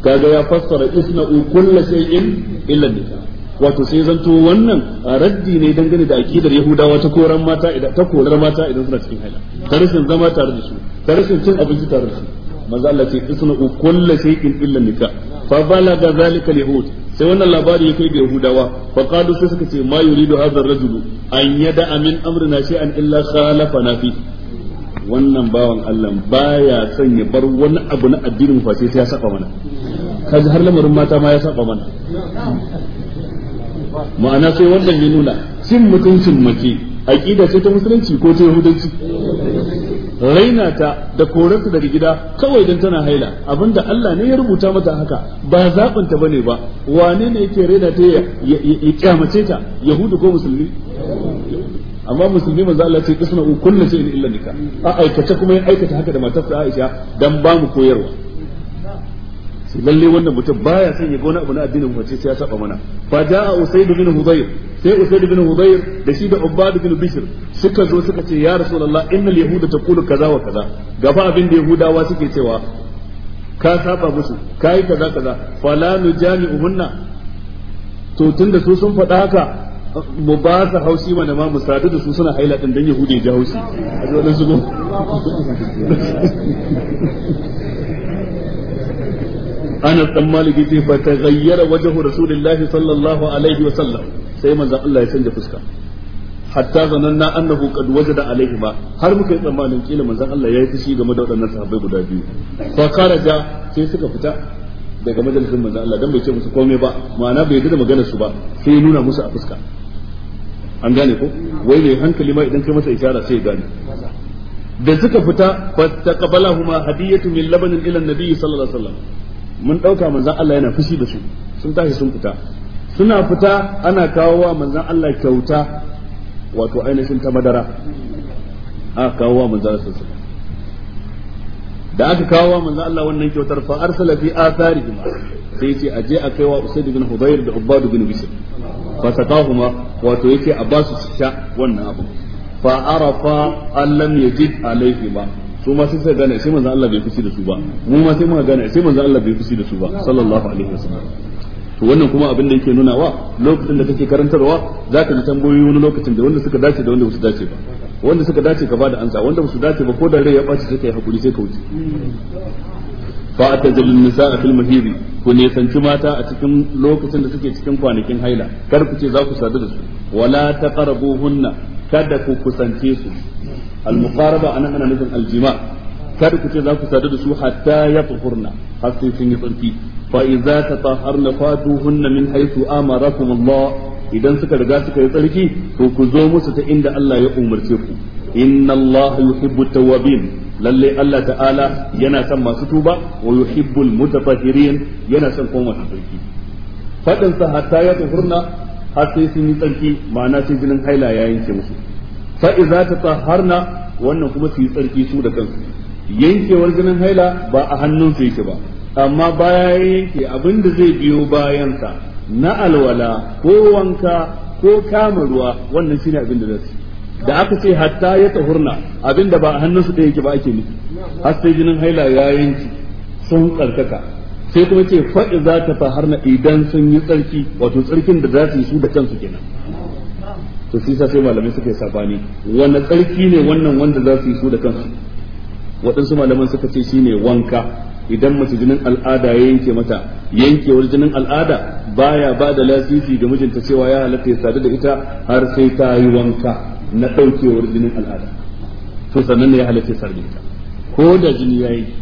kaga ya fassara isna'u sai shay'in illa nika wato sai zanto wannan raddi ne dangane da akidar yahudawa ta koran mata idan ta korar mata idan suna cikin haila Tarishin zama tare da su tarishin cin abinci tare da su manzo Allah ce isna'u sai shay'in illa nika fa balaga zalika al-yahud sai wannan labari ya kai ga yahudawa fa qalu sai suka ce ma yuridu hadha ar-rajulu an yada amin amrina shay'an illa khalafa nafi wannan bawan Allah baya son ya bar wani abu na addinin fa sai ya saba mana kaji har lamarin mata ma ya saba mana ma'ana sai wannan ya nuna cin mutuncin mace aqida ce ta musulunci ko ta yahudanci raina ta da korarta daga gida kawai don tana haila abinda Allah ne ya rubuta mata haka ba zaɓin ta ne ba wane ne yake raina ta ya kyamace ta yahudu ko musulmi amma musulmi manzo Allah ce isna'u kullu shay'in illa nikah a aikata kuma ya aikata haka da matarsa Aisha dan ba mu koyarwa sai lalle wannan mutum baya son ya ga wani abu na addinin face sai ya saba mana fa jaa usayd bin hudayr sai usayd bin hudayr da shi da ubad bin bishr suka zo suka ce ya rasulullah innal yahuda taqulu kaza wa kaza gaba abin da yahudawa suke cewa ka saba musu kai kaza kaza fala nujami'uhunna to tunda su sun faɗa haka mu ba su haushi mana ma mu sadu da su suna haila din dan yahudi ya ji haushi a zo anas dan malik yace fa taghayyara wajhu rasulillahi sallallahu alaihi wa sallam sai manzon Allah ya canja fuska hatta zananna annahu qad wajada alaihi ma har muka yi tsammanin kila manzon Allah ya yi fushi game da waɗannan sahabbai guda biyu fa kharaja sai suka fita daga majalisin manzon Allah dan bai ce musu komai ba ma'ana bai da maganar su ba sai ya nuna musu a fuska an gane ko wai ne hankali ma idan kai masa ishara sai ya gane da suka fita fa taqabalahuma hadiyatu min labanin ila nabi sallallahu alaihi wasallam mun dauka manzon Allah yana fushi da su sun tashi sun fita suna fita ana kawo wa manzon Allah kyauta wato ainihin ta madara aka kawo wa manzon Allah da aka kawo wa manzon Allah wannan kyautar fa arsala fi atharihim sai ce je a kai wa Usaid bin Hudayr da Ubbad bin Bishr fa saqahuma wato yake a basu su sha wannan abu fa arafa allam yajid alaihi ba su ma sai suka gane sai manzon Allah bai fushi da su ba mu ma sai muka gane sai manzon Allah bai fushi da su ba sallallahu alaihi wasallam to wannan kuma abin da yake nuna wa lokacin da kake karantarwa zaka ji tambayoyi wani lokacin da wanda suka dace da wanda ba su dace ba wanda suka dace ka bada ansa wanda ba su dace ba ko da rai ya baci sai kai hakuri sai ka wuce fa atajallun nisaa fil mahidi ku nisanci mata a cikin lokacin da suke cikin kwanakin haila kar ku ce za ku sadu da su wala taqrabuhunna kada ku kusance su al-muqaraba anan ana nufin al-jima kada ku ce za ku sadu da su hatta ya tuhurna har sai sun yi tsarki fa idza tatahharna fatuhunna min haythu amarakum Allah idan suka riga suka yi tsarki to ku zo musu ta inda Allah ya umarce ku inna Allah yuhibbu tawwabin lalle Allah ta'ala yana son masu tuba wa yuhibbul mutatahhirin yana son kuma tsarki fadin sa hatta ya tuhurna har sai sun yi tsarki ma'ana sai jinin haila ya yanke musu fa idza tatahharna wannan kuma su yi tsarki su da kansu yankewar jinin haila ba a hannun su yake ba amma baya yanke abin da zai biyo bayansa na alwala ko wanka ko kama ruwa wannan shine abin da zai da aka ce hatta ya tahurna abin da ba a hannun su da yake ba ake nufi har sai jinin haila ya yanke sun tsarkaka sai kuma ce faɗi za ta na idan sun yi tsarki wato tsarkin da za su yi su da kansu kenan to shi sai malamai suka yi sabani wanda tsarki ne wannan wanda za su yi su da kansu waɗansu malaman suka ce shi ne wanka idan mace jinin al'ada ya yanke mata yankewar jinin al'ada baya ba da lasisi ga mijinta cewa ya halatta ya sadu da ita har sai ta yi wanka na ɗaukewar jinin al'ada to sannan ne ya halatta ya sadu da ita ko da jini ya yanke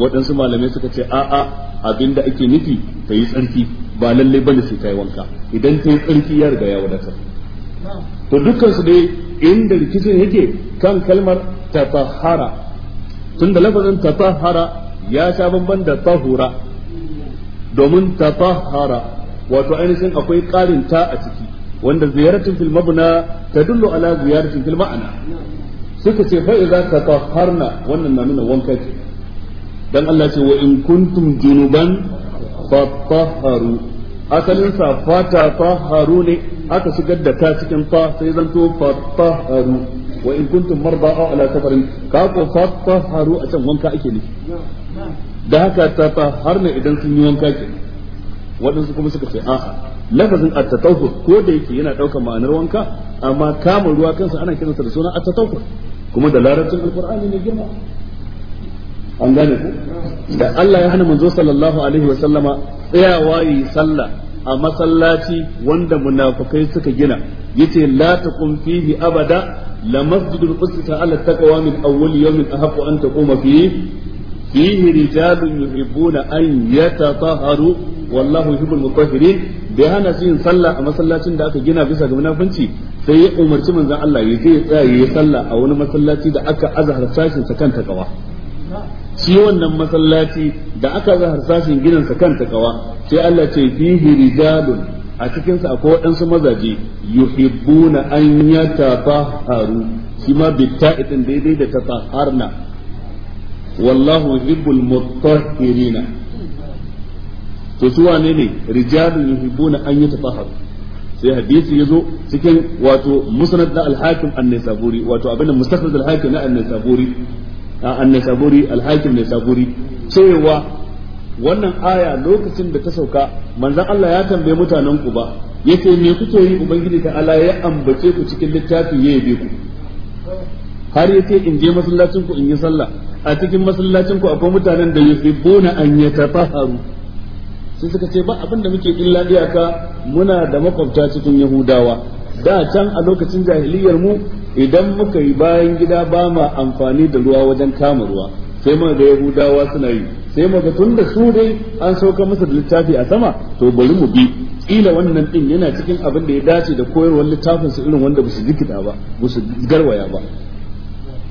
waɗansu malamai suka ce a'a abinda ake nufi ta yi tsarki ba lallai bane sai ta yi wanka idan ta yi tsarki ya riga ya wadata. to dukkan su dai inda rikicin yake kan kalmar tafahara tun da lafazin tafahara ya sha bamban da tahura domin tafahara wato ainihin akwai karin ta a ciki wanda ziyaratin fil mabna tadullu ala ziyaratin fil ma'ana suka ce fa idza tatahharna wannan na nuna wanka ce dan Allah ce wa in kuntum junuban fatahharu asalin sa fata tahharu ne aka shigar da ta cikin fa sai zanto fatahharu wa in kuntum marda ala safarin ka ko fatahharu a can wanka ake ne da haka ta ne idan sun yi wanka ke waɗansu kuma suka ce a'a lafazin at-tatawwur ko da yake yana ɗaukar ma'anar wanka amma kama ruwa kansa ana kiransa da suna at-tatawwur kuma da larabcin alqur'ani ne girma an gane ku da Allah ya hana manzo sallallahu alaihi wa sallama tsayawa yi sallah a masallaci wanda munafikai suka gina yace la taqum fihi abada la masjidul usita ala taqwa min awwal yawmin ahaqqu an taquma fihi fihi rijalun yuhibbuna an yatatahharu wallahu yuhibbul mutahhirin bai hana su yin sallah a masallacin da aka gina bisa ga munafunci sai ya umarci manzon Allah ya je ya tsaya ya yi sallah a wani masallaci da aka azhar sashin sa kan takawa shi wannan masallaci da aka za harsashin ginansa kan takawa sai Allah ce fihi rijalun a cikin sa akwai waɗansu mazaje yuhibbuna an yatafahharu shi ma bitta'idin daidai da tatahharna wallahu yuhibbul mutahhirina to su wane ne rijalun yuhibbuna an yatafahharu sai hadisi yazo cikin wato musnad da al-hakim an-nisaburi wato abin da mustafad al-hakim na an-nisaburi an-nasaburi alhakim hakim nasaburi cewa wannan aya lokacin da ta sauka manzon Allah ya tambaye mutanen ku ba yace me kuke yi ubangiji ta Allah ya ambace ku cikin littafin ya yabe ku har yace in je masallacin ku in yi sallah a cikin masallacin ku akwai mutanen da yusibuna an tafaharu sai suka ce ba abin da muke illa iyaka muna da makwabta cikin yahudawa da can a lokacin jahiliyar mu idan muka yi bayan gida ba ma amfani da ruwa wajen kama ruwa sai mu ga yahudawa suna yi sai mu ga da su dai an sauka masa da littafi a sama to bari mu bi kila wannan din yana cikin abin da ya dace da koyarwar littafin su irin wanda basu jikita ba su garwaya ba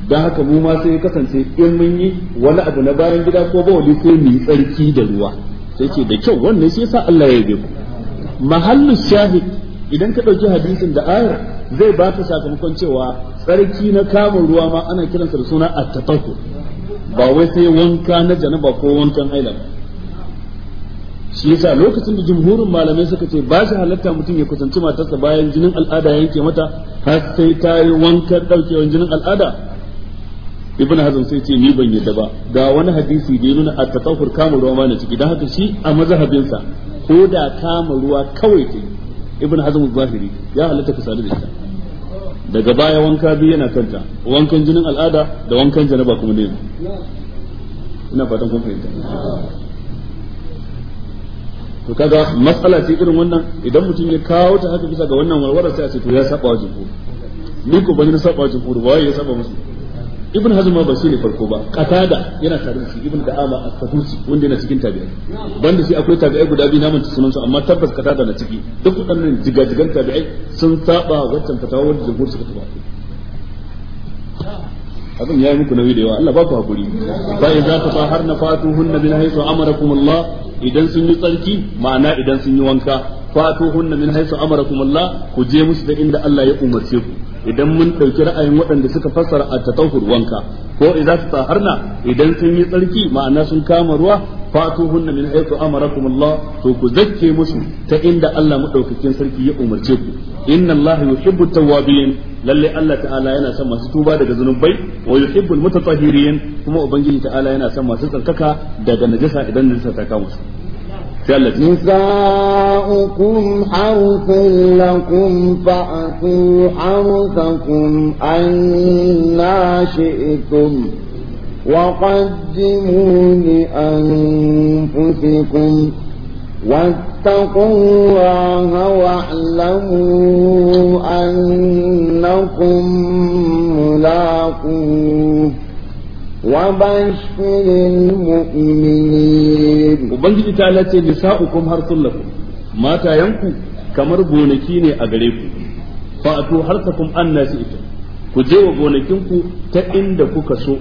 dan haka mu ma sai ya kasance in mun yi wani abu na bayan gida ko ba wani sai mu yi tsarki da ruwa sai ce da kyau wannan shi yasa Allah ya yi ku mahallu shahid idan ka dauki hadisin da ayar zai ba ta sakamakon cewa tsarki na kamun ruwa ma ana kiransa da suna at ba wai sai wanka na janaba ko wankan haila ba shi yasa lokacin da jumhurin malamai suka ce ba shi halatta mutum ya kusanci matarsa bayan jinin al'ada yanke mata har sai ta yi wankan jinin al'ada ibn hazm sai ce ni ban yadda ba ga wani hadisi da ya nuna at kamun ruwa ma na ciki don haka shi a mazhabinsa ko da kama ruwa kawai ta yi ibn hazm zahiri ya halatta ka sadu da ita daga baya wanka biyu yana kanta wankan jinin al'ada da wankan janaba kuma ne ina fatan kun fahimta to kaga matsala ce irin wannan idan mutum ya kawo ta haka bisa ga wannan warwara sai a ce to ya saba wa jumhur ni ko ban na saba wa ba waye ya saba musu ibn hazm ba shi ne farko ba qatada yana tare da shi ibn da'ama as-sadusi wanda yana cikin tabi'ai banda shi akwai tabi'i guda biyu namun sunan su amma tabbas qatada na ciki duk waɗannan jigajigan tabi'i sun saba wancan fatawa wanda jumhur suka tabbata abin yi muku nauyi da yawa Allah ba ku hakuri fa idza fatu fatuhunna min haythu amarakum Allah idan sun yi tsarki ma'ana idan sun yi wanka fatu fatuhunna min haythu amarakum Allah ku je musu da inda Allah ya umarce ku idan mun ɗauki ra'ayin waɗanda suka fassara a tatahur wanka ko idza tatahharna idan sun yi tsarki ma'ana sun kama ruwa fatu fatuhunna min haythu amarakum Allah to ku zakke musu ta inda Allah madaukakin sarki ya umarce ku inna Allah yuhibbu tawwabin lalle Allah ta'ala yana son masu tuba daga zunubai wa yuhibbul mutatahhirin kuma ubangiji ta'ala yana son masu tsarkaka daga najasa idan najasa ta kama su نساؤكم حرث لكم فأتوا حرثكم mu ne وقدموا لأنفسكم Wata kuka hawa lamu annaku mulaku wabashin mu miniyaru. Ubangiji ta lace ni sa'o kamar gonaki ne a gare ku. Fa'a to harka kum an na ku je wa gwanakinku ta inda kuka so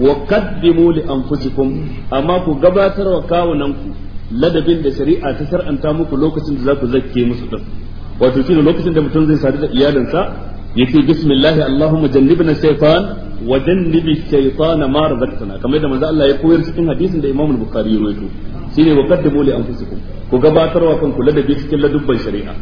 wakar da muli amfutifum amma ku gabatar wa kawunanku. ladabin da shari'a ta shar'anta muku lokacin da za ku zakke musu din wato shine lokacin da mutum zai sadu da iyalinsa yace bismillah allahumma jannibna shaytan Wajen wajannibi shaytana ma razaqtana kamar yadda manzo Allah ya koyar cikin hadisin da Imam Bukhari ya rawaito shine wa qaddimu li anfusikum ku kan kula da cikin ladubban shari'a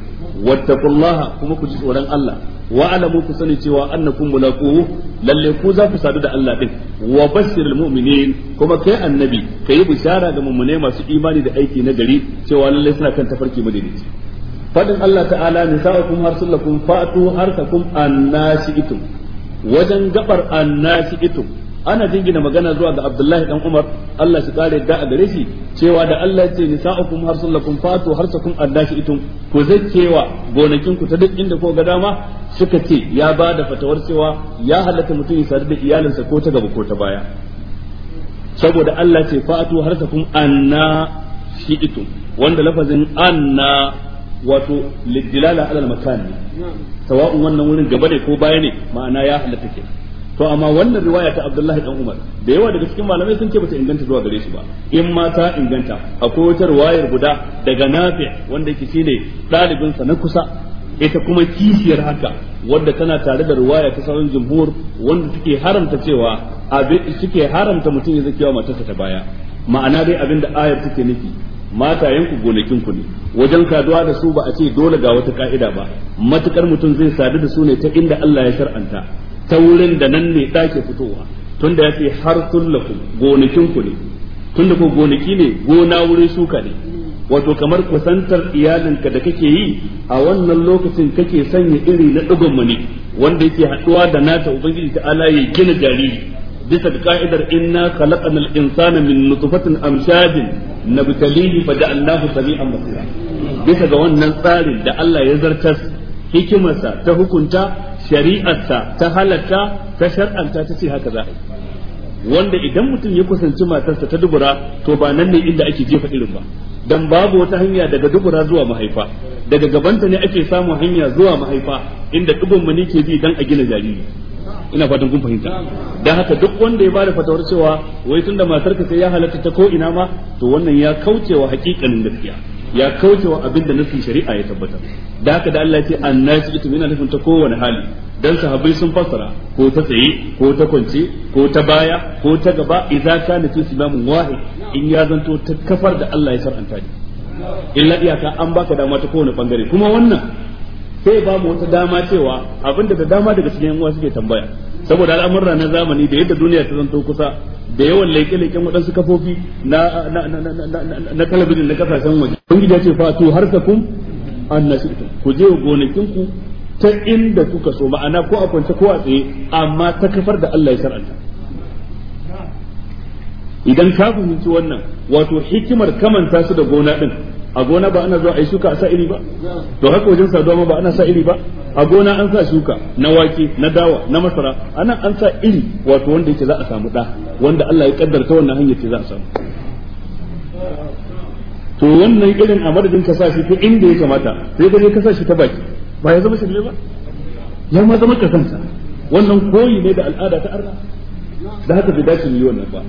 wattaqullaha kuma ku ji tsoron Allah wa alamu ku sani cewa annakum mulaquhu lalle ku za ku sadu da Allah din wa bashiril mu'minin kuma kai annabi kai bishara ga mu'mine masu imani da aiki na gari cewa lallai suna kan tafarki madanici Faɗin Allah ta'ala nisa'ukum harsul lakum fa'tu harsakum annashi'tum wajen gabar annasi itu ana jingina magana zuwa ga Abdullahi dan Umar Allah shi kare da a gare shi cewa da Allah ya ce nisa'ukum harsulakum fatu harsakum annasi itum ko cewa gonakin ku ta duk inda ko ga dama suka ce ya ba da fatawar cewa ya halatta mutum ya sadu da iyalinsa ko ta gaba ko ta baya saboda Allah ce fatu harsakum anna shi itum wanda lafazin anna wato lidilala alal makan ne sawa'un wannan wurin gaba ne ko baya ne ma'ana ya halatta ke to amma wannan riwaya ta Abdullahi dan Umar da yawa daga cikin malamai sun ce bata inganta zuwa gare shi ba in ma ta inganta akwai wata riwayar guda daga Nafi wanda yake shine dalibin sa na kusa ita kuma kishiyar haka wadda tana tare da riwaya ta sauran jumhur wanda suke haramta cewa suke haramta mutum ya zakiwa matarsa ta baya ma'ana dai abinda ayar take nufi matayenku gonakinku ne wajen kaduwa da su ba a ce dole ga wata ka'ida ba matukar mutum zai sadu da su ne ta inda Allah ya shar'anta ta wurin da nan ne ɗake fitowa da ya ce har tullaku gonakinku ne tunda ko gonaki ne gona wurin shuka ne wato kamar kusantar iyalinka da kake yi a wannan lokacin kake sanya iri na ɗigon mani wanda yake haɗuwa da nata ubangiji ta ala ya gina jariri bisa da ka'idar inna khalaqnal insana min nutfatin amshajin nabtalihi fa ja'alnahu sami'an basira bisa ga wannan tsarin da Allah ya zartas hikimarsa ta hukunta shari'arsa ta halatta ta shar'anta ta ce haka za a yi wanda idan mutum ya kusanci matarsa ta dubura to ba nan ne inda ake jefa irin ba dan babu wata hanya daga dubura zuwa mahaifa daga gabanta ne ake samun hanya zuwa mahaifa inda dubun mani ke bi dan a gina jariri ina fatan kun fahimta dan haka duk wanda ya bada fatawar cewa wai tunda matar ka sai ya halatta ta ko ina ma to wannan ya kaucewa hakikanin gaskiya ya kaucewa abin da nufin shari'a ya tabbatar da haka da Allah ya ce annasi itu mina nufin ta kowane hali dan sahabbai sun fassara ko ta tsaye ko ta kwance ko ta baya ko ta gaba idza kana fi simamun wahid in ya zanto ta kafar da Allah ya saranta ni illa iyaka an baka dama ta kowane bangare kuma wannan sai ba mu wata dama cewa abinda da dama daga cikin yan'uwa suke tambaya saboda al'amuran na zamani da yadda duniya ta zanto kusa da yawan laike-laiken waɗansu kafofi na talabijin na kasashen waje kun gida ce fatu har ka kun annasitu ku je gonakin ku ta inda kuka so ma'ana ko a kwance ko a tsaye amma ta kafar da Allah ya saranta idan ka fahimci wannan wato hikimar kamanta su da gona din a gona ba ana zuwa a yi shuka a sa iri ba to haka wajen saduwa ma ba ana sa iri ba a gona an sa shuka na wake na dawa na masara ana an sa iri wato wanda yake za a samu da wanda Allah ya kaddarta wannan hanyar ce za a samu to wannan irin a madadin ka sa shi ta inda ya kamata sai ka je ka sa shi ta baki ba ya zama shi ba ya ma zama kasansa wannan koyi ne da al'ada ta arna da haka bai dace mu wannan ba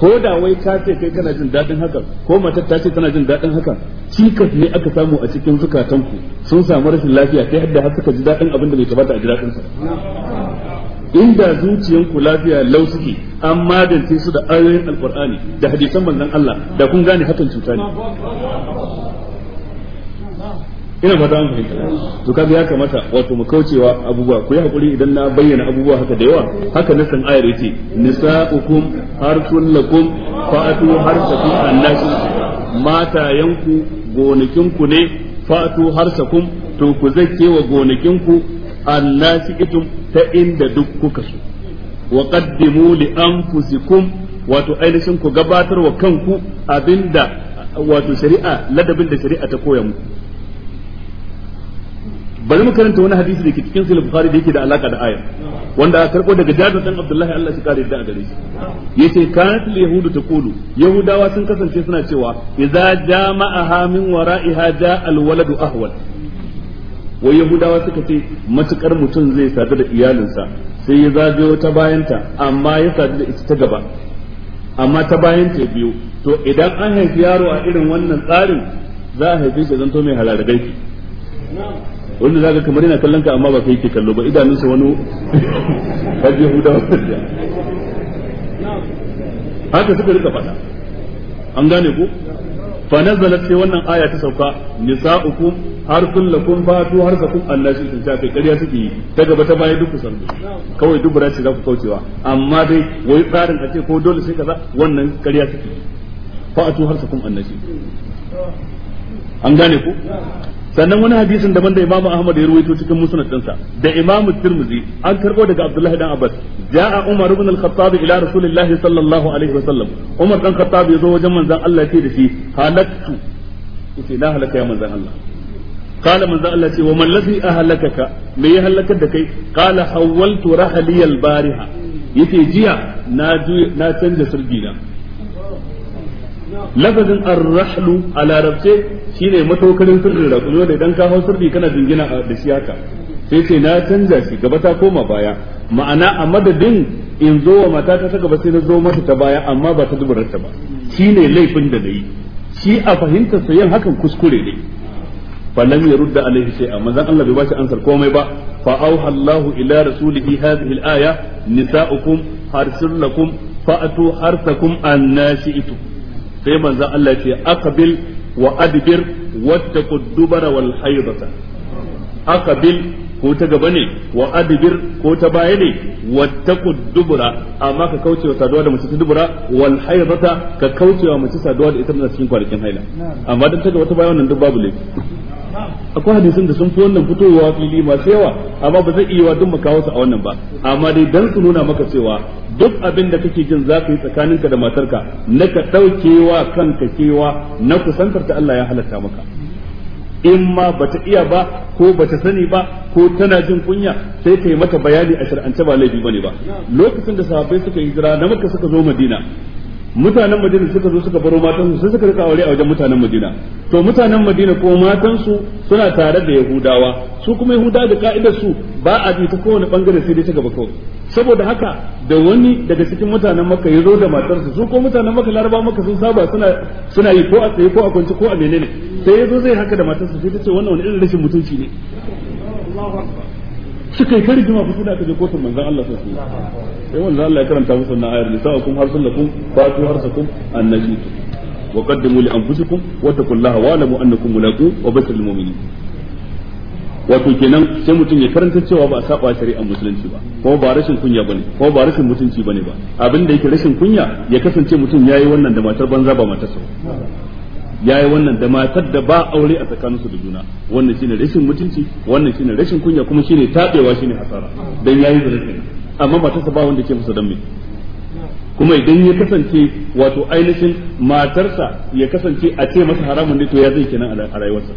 ko da wai ka ce kai kana jin daɗin hakan ko matar ta ce tana jin daɗin hakan cikas ne aka samu a cikin zukatanku sun samu rashin lafiya ta yadda har suka ji daɗin abin da bai kamata a ji daɗin sa inda zuciyanku lafiya lau suke an magance su da ayoyin alkur'ani da hadisan manzon Allah da kun gane hakan cuta ne ina mata an fahimta to kaga ya kamata wato mu kaucewa abubuwa ku yi hakuri idan na bayyana abubuwa haka da yawa haka na san ayar yace nisa'ukum harsun lakum fa'atu harsakum annasu mata yanku gonakinku ne fa'atu harsakum to ku zake wa gonakinku annasi itum ta inda duk kuka so wa qaddimu li anfusikum wato ainihin ku gabatar wa kanku abinda wato shari'a ladabin da shari'a ta koya muku bari mu karanta wani hadisi da ke cikin sahih bukhari da yake da alaka da ayar wanda a karbo daga jabir dan abdullahi Allah shi kare da gare shi yace kanat al yahudu Kulu, yahudawa sun kasance suna cewa idza jama'aha min wara'iha ja al waladu ahwal wa yahudawa suka ce matukar mutum zai sadu da iyalinsa sai ya zagayo wata bayanta amma ya sadu da ita ta gaba amma ta bayan ta biyu to idan an haifi yaro a irin wannan tsarin za a haife shi zanto mai halaragai wanda zaka kamar yana kallon ka amma ba kai ke kallo ba idanunsa wani kaji huda haka suka rika faɗa an gane ko fa nazalat sai wannan aya ta sauka nisa'ukum har kullakum tu har zakum annashi sun ta kai kariya suke yi ta gaba ta baya duk kusan kawai duk bara za ku kaucewa amma dai wai tsarin a ce ko dole sai kaza wannan kariya suke tu har zakum annashi an gane ku sannan wani hadisin daban da imamu ahmad ya ruwaito cikin musnad dinsa da imamu tirmidhi an karbo daga abdullahi dan abbas ja'a umar ibn al-khattab ila rasulillahi sallallahu alaihi wa sallam umar dan khattab yazo wajen manzon Allah ya ce da shi halaktu yace na halaka ya manzon Allah wa قال من ذا الله وما الذي أهلكك ما يهلكك دكي قال حولت رحلي jiya na جيا ناجو ناتنج سرجينا لفظ الرحل ala ربسي shine mataukarin sirrin raƙumi wanda idan ka hau sirri kana dingina da shi haka sai ce na canza shi gaba ta koma baya ma'ana a madadin in zo wa mata ta gaba sai na zo mata ta baya amma ba ta dubararta ba shine laifin da nayi shi a fahimtar sa yin hakan kuskure ne falam yarudda alaihi shay'a manzon Allah bai bashi ansar komai ba fa auha Allahu ila rasulihi hadhihi al-aya nisa'ukum harsul harsa fa'atu harsakum an-nasi'tu sai manzon Allah ya ce aqbil wa adbir wattaqu dubara wal haydata aqbil ko ta gaba ne wa adbir ko ta baya ne wattaqu dubura amma ka kaucewa saduwa da mace ta dubura wal haydata ka kaucewa mace saduwa da ita tana cikin kwalikin haila amma dan ta gaba ta baya wannan duk babu laifi akwai hadisin da sun fi wannan fitowa fili masu yawa amma ba zai iya wa duk mu kawo a wannan ba amma dai dan su nuna maka cewa duk abin da kake jin zaka yi tsakaninka da matarka na ka ɗaukewa kanka kewa na kusantar ta Allah ya halatta maka in ma bata iya ba ko bata sani ba ko tana jin kunya sai ta yi mata bayani a shar'ance ba laifi bane ba lokacin da sahabbai suka hijira na maka suka zo madina mutanen madina suka zo suka baro matansu sai suka rika aure a wajen mutanen madina to mutanen madina ko matansu suna tare da yahudawa su kuma yahuda da ka'idar su ba a bi ta kowane bangare sai dai ta gaba kawai saboda haka da wani daga cikin mutanen maka ya zo da matarsa su ko mutanen maka laraba maka sun saba suna suna yi ko a tsaye ko a kwance ko a menene sai ya zo zai haka da matarsa sai ta ce wannan wani irin rashin mutunci ne suka yi kari jima ku suna kaje kotun manzon Allah sallallahu alaihi sai wannan Allah ya karanta musu na ayar lisa har sunna ba nisa'ukum harsulakum fatu harsakum annashitu wa qaddimu li anfusikum wa taqullaha wa lamu annakum mulaqu wa bashiril mu'minin wato kenan sai mutum ya karanta cewa ba a saba shari'ar musulunci ba ko ba rashin kunya bane ko ba rashin mutunci bane ba abin da yake rashin kunya ya kasance mutum yayi wannan da matar banza ba matarsa Ya yi wannan da matar da ba aure a tsakaninsu da juna wannan shine rashin mutunci wannan shine rashin kunya kuma shine tabewa shine hasara dan yayi zalunci amma matarsa ba wanda ke masa dan me kuma idan ya kasance wato ainihin matarsa ya kasance a ce masa haramun ne to ya zai kenan a rayuwarsa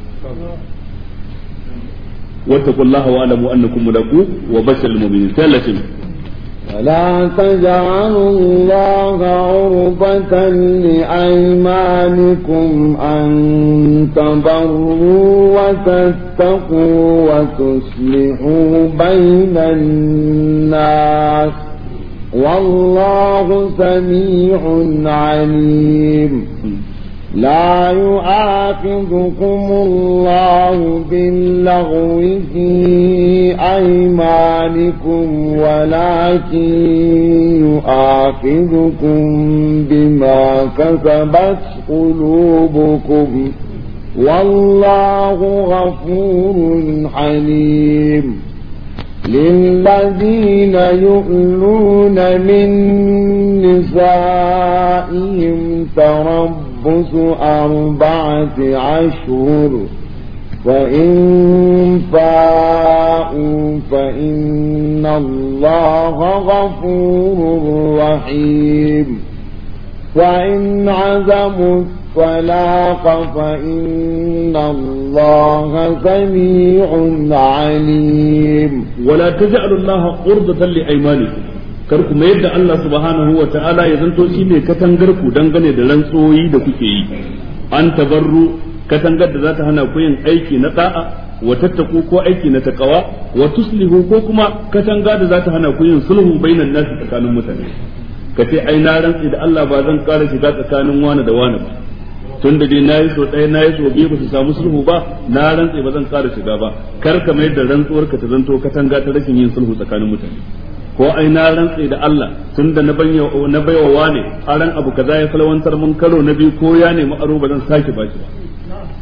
wattaqullaha wa alamu annakum mulaqu wa bashiril mu'minin فلا تجعلوا الله عرضة لأيمانكم أن تبروا وتتقوا وتصلحوا بين الناس والله سميع عليم لا يؤاخذكم الله باللغو في أيمانكم ولكن يؤاخذكم بما كسبت قلوبكم والله غفور حليم للذين يؤلون من نسائهم تربوا أنفس أربعة عشر فإن فاءوا فإن الله غفور رحيم فإن عزموا الطلاق فإن الله سميع عليم ولا تجعلوا الله قربة لأيمانكم kar ku mayar da Allah subhanahu wa ta'ala ya zanto shi ne katangar ku dangane da rantsoyi da kuke yi an tabarru katangar da za ta hana ku yin aiki na da'a wa tattaku ko aiki na takawa wa tuslihu ko kuma katanga da za ta hana ku yin sulhu bainan nasi tsakanin mutane kace ai na rantsi da Allah ba zan ƙara shiga tsakanin wani da wani ba tun da dai nayi so ɗaya nayi so biyu ba su samu sulhu ba na rantsi ba zan ƙara shiga ba kar ka mai da rantsuwar ka ta zanto katanga ta rashin yin sulhu tsakanin mutane ko ai na rantsi da Allah tunda na banyo na baiwa wane aran abu kaza ya salwantar mun karo na biyu ko ya nemi aro ba zan sake baki ba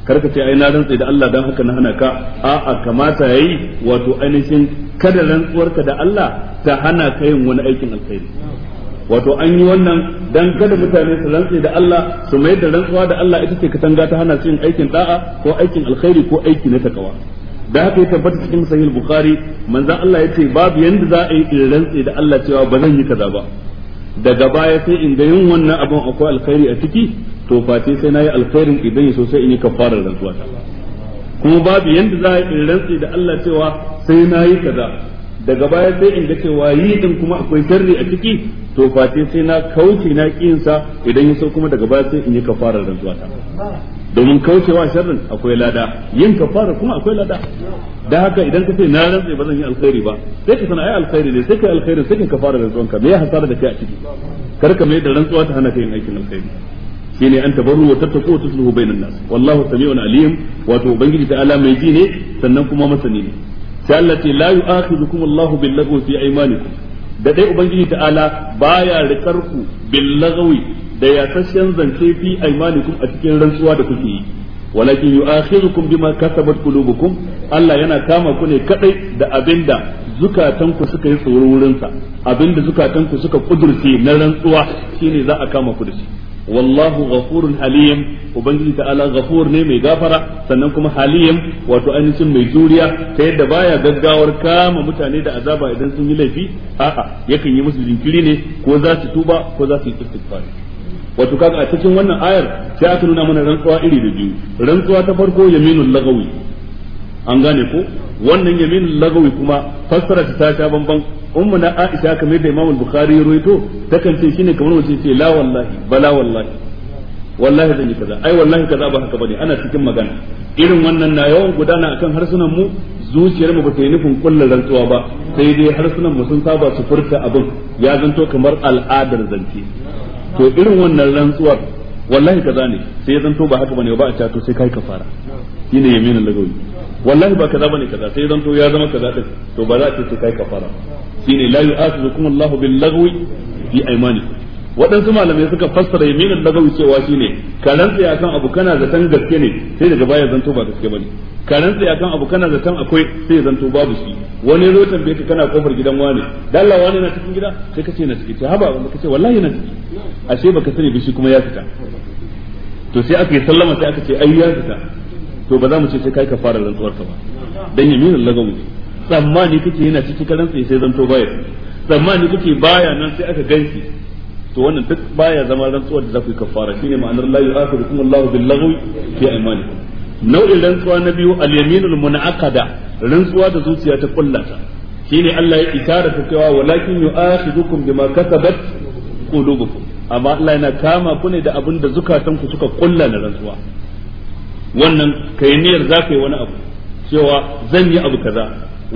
kar ka ce ai na rantsi da Allah dan haka na hana ka a'a kamata yayi wato ainihin kada rantsuwarka da Allah ta hana ka yin wani aikin alkhairi wato an yi wannan dan kada mutane su rantsi da Allah su mai da rantsuwa da Allah ita ce katanga ta hana su yin aikin da'a ko aikin alkhairi ko aiki na takawa da haka ya tabbata cikin sahih bukhari manzo Allah yace babu yanda za a yi in da Allah cewa ba zan yi kaza ba daga baya sai in ga yin wannan abin akwai alkhairi a ciki to face sai nayi alkhairin idan ya so sai in yi kafarar rantsuwa ta kuma babu yanda za a yi in da Allah cewa sai nayi kaza daga baya sai in ga cewa yi din kuma akwai sharri a ciki to face sai na kauce na kiyinsa idan ya so kuma daga baya sai in yi kafarar rantsuwa ta domin kaucewa sharrin akwai lada yin kafara kuma akwai lada da haka idan ka ce na rantsa ba zan yi alkhairi ba sai ka sana ai alkhairi ne sai ka alkhairi sai ka kafara rantsuwan ka me ya hasara da kai a ciki kar ka mai da rantsuwa ta hana ka yin aikin alkhairi shine an tabarru wa tattaqu wa tusluhu bainan nas wallahu sami'un alim wato ubangiji ta ala mai ji ne sannan kuma masani ne sai Allah ce la yu'akhidhukum Allahu bil lagwi fi aymanikum da dai ubangiji ta'ala baya rikarku ku bil lagwi da yasasshen zance fi aymanikum a cikin rantsuwa da kuke yi walakin yu'akhirukum bima kasabat qulubukum Allah yana kama ku ne kadai da abinda zukatanku suka yi tsoron wurin sa abinda zukatanku suka kudurce na rantsuwa shine za a kama ku da shi wallahu ghafurun halim ubangiji ta'ala ghafur ne mai gafara sannan kuma halim wato ainihin mai juriya ta yadda baya gaggawar kama mutane da azaba idan sun yi laifi a'a yakan yi musu jinkiri ne ko za su tuba ko za su yi istighfar wato kaga a cikin wannan ayar sai aka nuna mana rantsuwa iri da biyu rantsuwa ta farko yaminul lagawi an gane ko wannan yaminul lagawi kuma fassara ta ta banban ummu na Aisha kamar da Imam Bukhari ya ruwaito takan ce shine kamar wace ce la wallahi bala wallahi wallahi zan yi kaza ai wallahi kaza ba haka bane ana cikin magana irin wannan na yawan gudana akan harsunan mu zuciyar mu bata yi nufin kullu rantsuwa ba sai dai harsunan mu sun saba su furta abin ya zanto kamar al'adar zance to irin wannan rantsuwar wallahi kaza ne sai ya zanto ba haka bane ba a ta to sai kai kafara shine yaminin lagawi wallahi ba kaza bane kaza sai zanto ya zama kaza din to ba za a ce sai kai kafara shine la yu'akhidhukum Allahu bil lagwi fi aymanikum waɗansu malamai suka fassara yaminin lagawi cewa shine ka rantsa ya kan abu kana zaton gaske ne sai daga baya zanto ba gaske ba ka rantsa ya kan abu kana zaton akwai sai zanto babu shi wani zo tambaye ka kana kofar gidan wani da Allah wani na cikin gida sai ka ce na cikin sai haba wanda ka ce wallahi na ciki ashe baka sani ba shi kuma ya fita to sai aka yi sallama sai aka ce ai ya fita to ba za mu ce sai kai ka fara rantsuwar ka ba dan yaminin lagawi tsammani kake yana cikin ka sai sai zanto baya tsammani kuke baya nan sai aka ganki to wannan duk baya zama rantsuwar da za ku yi kafara shine ma'anar da yu'akhidukum Allahu bil laghwi fi aymanikum nau'in rantsuwa na biyu al-yaminul munaqada rantsuwa da zuciya ta kullata shine Allah ya isharar ta cewa walakin yu'akhidukum bima kasabat qulubukum amma Allah yana kama ku ne da abin da zukatanku suka kulla na rantsuwa wannan kai niyyar za yi wani abu cewa zan yi abu kaza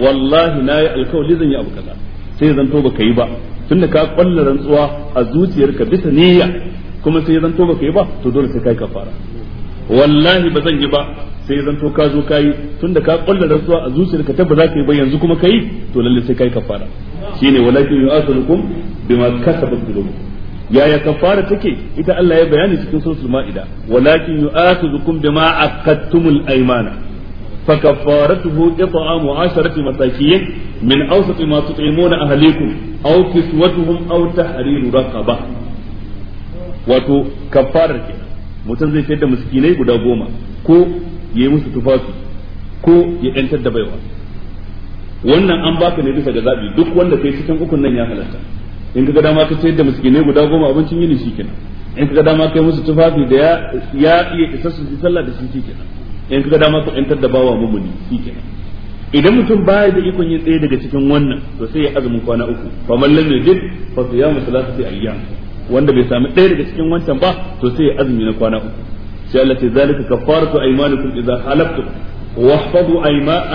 wallahi na yi alkawali zan yi abu kaza sai zanto baka yi ba tunda ka kwalla rantsuwa a zuciyarka bisa niyya kuma sai zanto baka yi ba to dole sai kai kafara wallahi ba zan yi ba sai zanto ka zo kai tunda ka kwalla rantsuwa a zuciyarka ta ba za ka yi ba yanzu kuma ka yi to lalle sai kai kafara shine walakin yu'asirukum bima kasabat qulubukum yaya kafara take ita Allah ya bayani cikin suratul maida walakin yu'asirukum bima aqattumul aymana فكفارته إطعام عشرة مساكين من أوسط ما تطعمون أهليكم أو كسوتهم أو تحرير رقبة wato kaffarar kenan mutum zai fitar da miskinai guda goma ko ya yi musu tufafi ko ya yantar da baiwa wannan an baka ne bisa ga zaɓi duk wanda kai cikin ukun nan ya halatta in ka ga dama ka sayar da miskinai guda goma abincin yini shi kenan in ka ga dama kai musu tufafi da ya iya isa su sallah da shi kenan in kaga dama ka yantar da bawa mumuni shikenan idan mutum baya da ikon yin tsaye daga cikin wannan to sai ya azumin kwana uku fa man lam yajid fa siyamu thalathati ayyam wanda bai sami ɗaya daga cikin wancan ba to sai ya azumi na kwana uku sai Allah ce zalika kafaratu aymanikum idza halaftum واحفظوا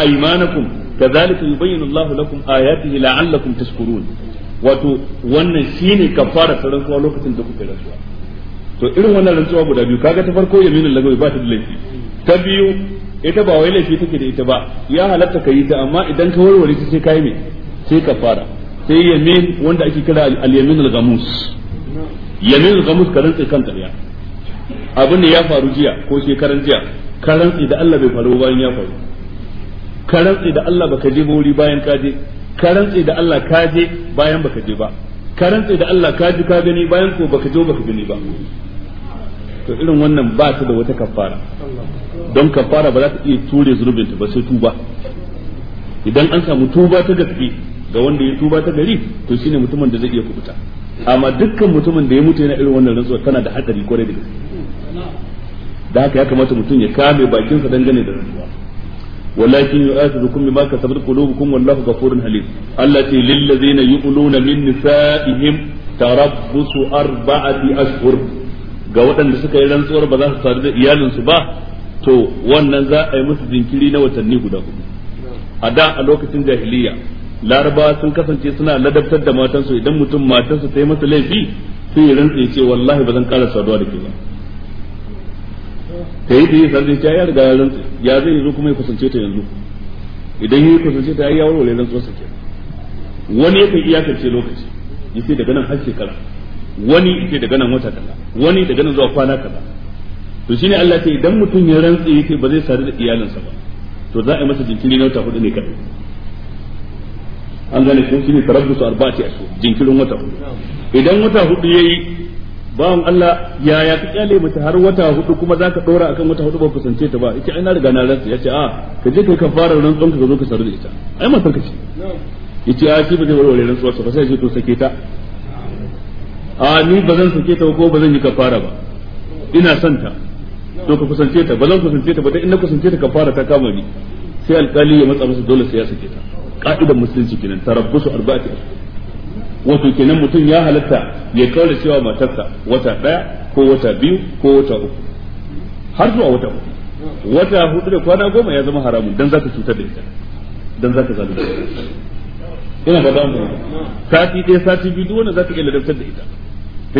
أيمانكم كذلك يبين الله لكم آياته لعلكم تشكرون wato wannan shine kafara ta rantsuwa lokacin da kuke rantsuwa to irin wannan rantsuwa guda biyu kaga ta farko yaminin lagawi ba ta da laifi ta biyu ita ba wai laifi take da ita ba ya halatta ka yi ta amma idan ka warware ta sai kai me sai ka fara sai yamin wanda ake kira al-yamin al-gamus yamin al-gamus ka rantsa kan ƙarya abin da ya faru jiya ko shekaran jiya karan rantsi da Allah bai faru bayan ya faru Karan rantsi da Allah baka je ba wuri bayan ka je karan rantsi da Allah ka je bayan baka je ba Karan rantsi da Allah ka ji ka gani bayan ko baka je baka gani ba to irin wannan ba ta da wata kafara don kafara ba za ta iya ture zunubin ta ba sai tuba idan an samu tuba ta gaske ga wanda ya tuba ta gari to shine mutumin da zai iya kubuta amma dukkan mutumin da ya mutu yana irin wannan rantsuwa tana da hatsari kwarai da gaske da haka ya kamata mutum ya kame bakinsa dangane da rantsuwa ولكن يؤاخذكم بما كسبت قلوبكم والله غفور حليم التي للذين يؤلون من نسائهم تربص أربعة أشهر ga waɗanda suka yi rantsuwar ba za su sadu da iyalinsu ba to wannan za a yi musu jinkiri na watanni guda hudu a da a lokacin jahiliya larabawa sun kasance suna ladabtar da matansu idan mutum matansu ta yi masa laifi sun yi rantsu ya ce wallahi ba zan ƙara saduwa da ke ba ta yi ta yi sarki ta ya riga ya rantsu ya zai yanzu kuma ya kusance ta yanzu idan ya kusance ta ya warware sa ke wani ya yakan iyakance lokaci ya ce daga nan har shekara wani yace daga nan wata kaza wani daga nan zuwa kwana kaza to shine Allah ce idan mutum ya rantsi yake ba zai sadu da iyalinsa ba to za a yi masa jinkiri na wata hudu ne kadai an gane ko shine tarabbusu arba'ati asu jinkirin wata hudu idan wata hudu yayi bawan Allah yaya ka kyale mace har wata hudu kuma zaka dora akan wata hudu ba kusance ta ba yace ai na riga na rantsi yace a ka je kai kafara rantsuwan ka zo ka sadu da ita ai ma ka ce yace a shi ba zai warware rantsuwa ba sai shi to sake ta a ni ba zan sake ta ko ba zan yi kafara ba ina son ta to ka kusance ta ba zan kusance ta ba dan in na kusance ta kafara ta kama ni sai alkali ya matsa masa dole sai ya sake ta ka'idar musulunci kenan tarabbusu arba'ati wato kenan mutum ya halatta ya kaura cewa matarsa wata daya ko wata biyu ko wata uku har zuwa wata uku wata hudu da kwana goma ya zama haramun dan zaka cutar da ita dan zaka zalunta ina ba da damu sati ɗaya sati biyu duk wanda zaka iya ladabtar da ita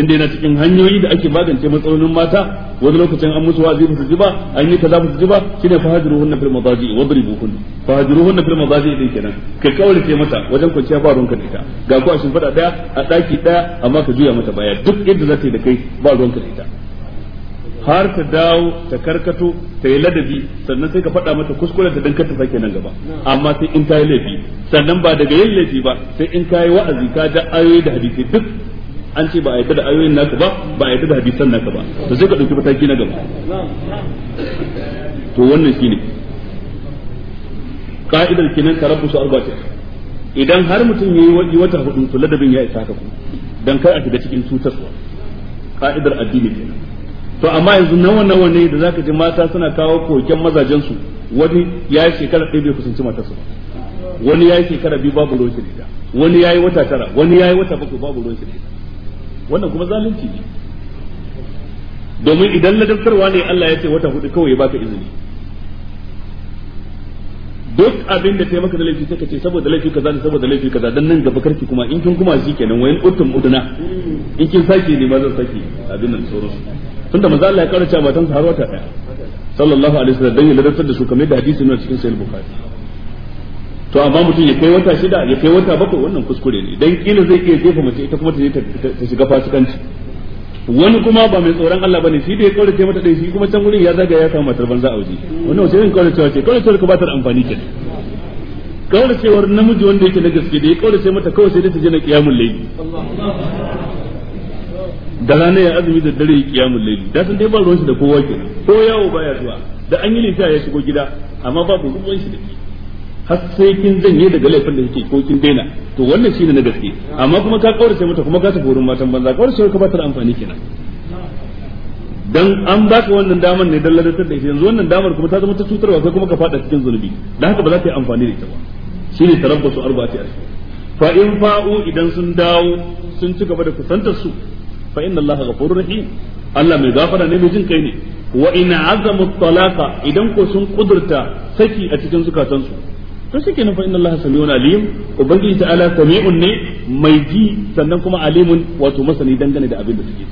dai na cikin hanyoyi da ake magance matsalolin mata wani lokacin an musu wazi su jiba an yi kaza su jiba ba shine fahajiruhunna fil madaji wadribuhun fahajiruhunna fil madaji din kenan kai kawai ce mata wajen kwanciya ba ruwanka da ita ga ko a shimfada daya a daki daya amma ka juya mata baya duk inda za ta yi da kai ba ruwanka ita har ta dawo ta karkato ta yi ladabi sannan sai ka faɗa mata kuskure ta danka ta sake nan gaba amma sai in ta yi laifi sannan ba daga yin laifi ba sai in ka yi wa'azi ka da ayoyi da hadisi duk an ce ba a yadda da ayoyin naka ba ba a yadda da hadisan naka ba to sai ka dauki mataki na gaba to wannan shine ka'idar kenan tarabbus arba'a idan har mutum yayi wata hudu to ladabin ya isa ka ku dan kai a shiga cikin cutarwa ka'idar addini kenan to amma yanzu nawa nawa ne da zaka ji mata suna kawo koken mazajen su wani ya yi shekara ɗaya bai kusanci mata su wani ya yi shekara biyu babu ruwan shirya wani ya yi wata tara wani ya yi wata bakwai babu ruwan shirya wannan kuma zalunci ne domin idan ladabtarwa ne Allah ya ce wata hudu kawai ya baka izini duk abin da ta maka da laifi sai ka ce saboda laifi kaza ne saboda laifi kaza dan nan gaba karki kuma in kin kuma shi kenan wayan uttum uduna in kin sake ne ma zan sake abin nan sauran su tunda manzo Allah ya karace matan sa har wata daya sallallahu alaihi wasallam dan ya ladabtar da su kamar da hadisi ne cikin sahih bukhari to amma mutum ya kai wata shida ya kai wata bakwai wannan kuskure ne dan kila zai iya jefa mace ita kuma ta je ta shiga fasikanci wani kuma ba mai tsoron Allah bane shi da ya kaurace mata dai shi kuma can gurin ya zaga ya samu matar banza a waje wannan sai in kaurace ce kaurace ka ba ta da amfani ke kauracewar namiji wanda yake na gaske da ya kaurace mata kawai sai da ta je na kiyamul layli da ranar ya azumi da dare ya kiyamul layli da san dai ba ruwan shi da kowa ke ko yawo baya zuwa da an yi lita ya shigo gida amma babu ruwan shi da ke har sai kin zanye daga laifin da kike ko kin daina to wannan shine na gaske amma kuma ka kaurace mata kuma ka tafi wurin matan banza kaurace ka ba ta amfani kenan dan an baka wannan damar ne dan ladatar da shi yanzu wannan damar kuma ta zama ta cutarwa kai kuma ka fada cikin zunubi dan haka ba za ka yi amfani da ita ba shine tarabbasu arba'ati ashhur fa in fa'u idan sun dawo sun ci gaba da kusantar su fa inna allaha ghafurur rahim Allah mai gafara ne mai jin kai ne wa in azamu talaqa idan ko sun kudurta saki a cikin zukatansu to shi kenan fa inna allaha sami'un alim ubangiji ta'ala sami'un ne mai ji sannan kuma alimun wato masani dangane da abin da suke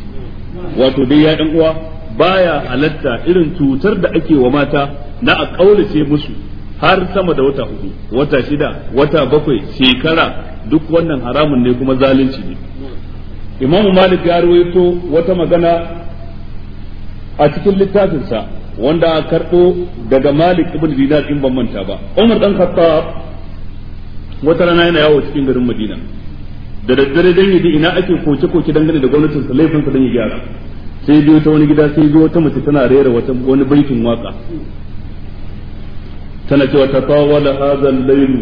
wato dai ya dan uwa baya halatta irin cutar da ake wa mata na a kaulace musu har sama da wata hudu wata shida wata bakwai shekara duk wannan haramun ne kuma zalunci ne imamu malik ya rawaito wata magana a cikin littafinsa wanda a karɓo daga malik ibn dinar in ban manta ba umar dan khattab wata rana yana yawo cikin garin madina da daddare dan yaji ina ake koke koke dangane da gwamnatin sa laifin sa dan ya gyara sai biyo ta wani gida sai biyo wata mace tana rera wata wani baitin waka tana cewa tatawala hadha layl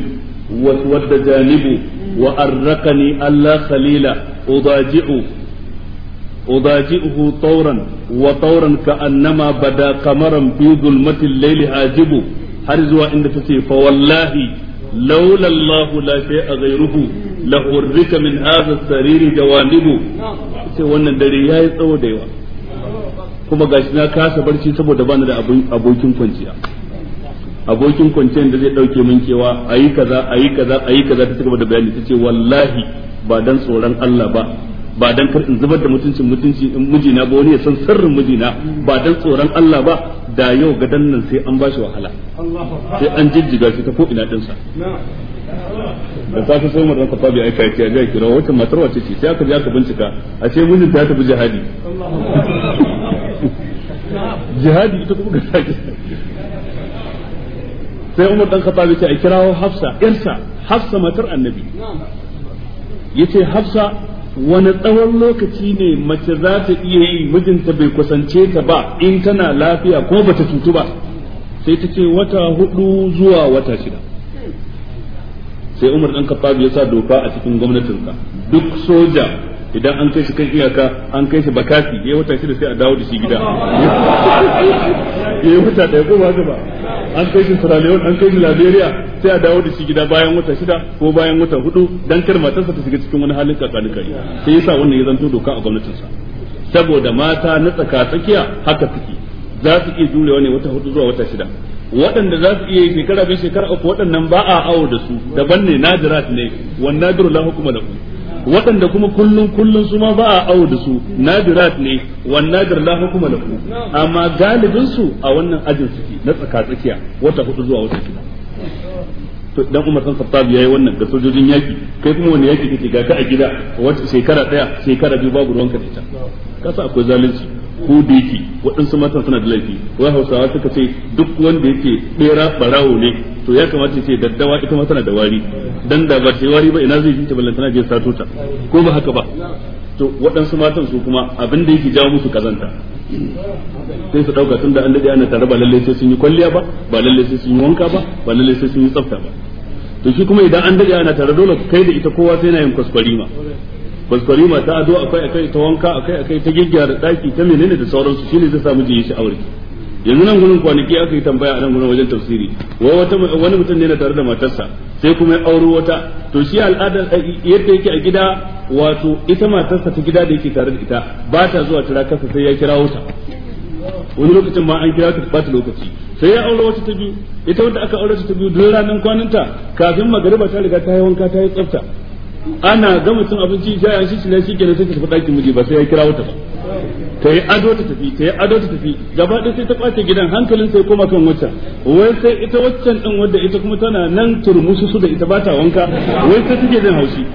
wa wadda janibu wa arraqani alla khalila udaji'u أضاجئه طورا وطورا كأنما بدا قمرا في ظلمة الليل هاجب حرزوا عند تسي فوالله لولا الله لا شيء غيره لحرك من هذا السرير جوانبه sai wannan dare ya yi tsawo da yawa kuma gashi na kasa barci saboda bani da abokin kwanciya abokin kwanciyar da zai dauke min kewa ayi kaza ayi kaza ayi kaza ta cigaba da bayani tace wallahi ba dan tsoron Allah ba ba dan kar in zubar da mutuncin mutunci in mijina ba wani ya san sirrin mijina ba dan tsoron Allah ba da yau ga nan sai an bashi wahala sai an jijjiga shi ta ko ina din sa da safe sai Umar dan Khattab ya aika ya ga kira wata matar wace ce sai aka ji aka bincika a ce mijin ta tafi jihadi jihadi ita kuma ga sake sai Umar dan Khattab ya ce a kirawo Hafsa yarsa Hafsa matar Annabi yace Hafsa wani tsawon lokaci ne mace za ta iya yi mijinta bai kusance ta ba in tana lafiya ko bata cutu ba sai ta ce wata hudu zuwa wata shida sai umar ɗan kafa ya sa doka a cikin gwamnatinka duk soja idan an kai shi kan iyaka an kai shi bakasi ya wata shi da sai a dawo da shi gida yi wata ɗaya ko ba ba an kai shi Sierra an kai shi Liberia sai a dawo da shi gida bayan wata shida ko bayan wata hudu dan kar matarsa ta shiga cikin wani halin kakanikari sai yasa wannan ya zanto doka a gwamnatinsa saboda mata na tsaka tsakiya haka suke za su iya jurewa ne wata hudu zuwa wata shida waɗanda za su iya yi shekara bai shekara uku waɗannan ba a awo da su daban ne nadirat ne wannan duru la da lahu waɗanda kuma kullun kullun su ma ba a awo da su nadirat ne wan nadir la hukuma lahu amma galibin su a wannan ajin suke na tsaka tsakiya wata hudu zuwa wata shida to dan Umar san Khattab yayi wannan ga sojojin yaki kai kuma wani yaki kake ga ka a gida wata shekara daya shekara biyu babu ruwan da ita kasa akwai zalunci ko da yake waɗansu matan suna da laifi wai hausawa suka ce duk wanda yake ɗera ɓarawo ne to ya kamata ce daddawa ita ma tana da wari dan da ba ta wari ba ina zai ta ballantana je sato ta ko ba haka ba to waɗansu matan su kuma abin da yake jawo musu kazanta sai su ɗauka tun da an daɗe ana tare ba lallai sai sun yi kwalliya ba ba lallai sai sun yi wanka ba ba lallai sai sun yi tsafta ba to shi kuma idan an daɗe ana tare dole kai da ita kowa sai na yin kwaskwarima kwaskwarima ta ado akai akai ta wanka akai akai ta gyaggyara daki ta menene da sauransu shine zai samu jiye shi aure yanzu nan gurin kwanaki aka yi tambaya a nan gurin wajen tafsiri wai wata wani mutum ne na tare da matarsa sai kuma ya auro wata to shi al'ada eh, yadda yake a gida wato ita matarsa ta gida da yake tare da ita ba ta zuwa tira kasa sai ya kira wuta wani lokacin ma an kira ta lokaci sai ya auro wata ta biyu ita wanda aka aure ta biyu duk ranar kwananta kafin magariba ta riga ta yi wanka ta yi tsafta ana gama cin abinci ya yi shi ne shi ke sai ta tafi ɗakin miji ba sai ya kira wata ba ta yi ado ta tafi ta yi ado ta tafi gaba ɗin sai ta kwace gidan hankalin sai koma kan waccan wai sai ita waccan ɗin wadda ita kuma tana nan turmusu su da ita ba ta wanka wai sai take jin haushi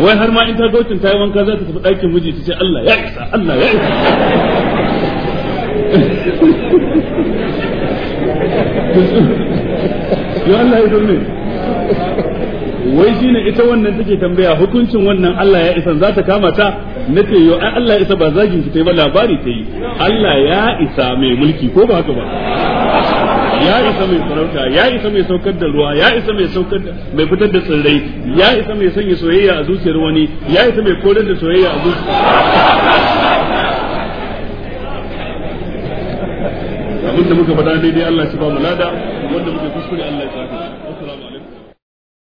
wai har ma in ta gocin ta yi wanka za ta tafi ɗakin miji ta ce Allah ya isa Allah ya isa yo Allah ya zo ne wai shine ita wannan take tambaya hukuncin wannan Allah ya isa za ta kama ta nace yo ai Allah ya isa ba zagin ki ba labari ta yi Allah ya isa mai mulki ko ba haka ba ya isa mai farauta ya isa mai saukar da ruwa ya isa mai saukar da mai fitar da tsirrai ya isa mai sanya soyayya a zuciyar wani ya isa mai korar da soyayya a zuciyar abinda muka faɗa daidai Allah shi ba mu lada wanda muka kuskure Allah ya sa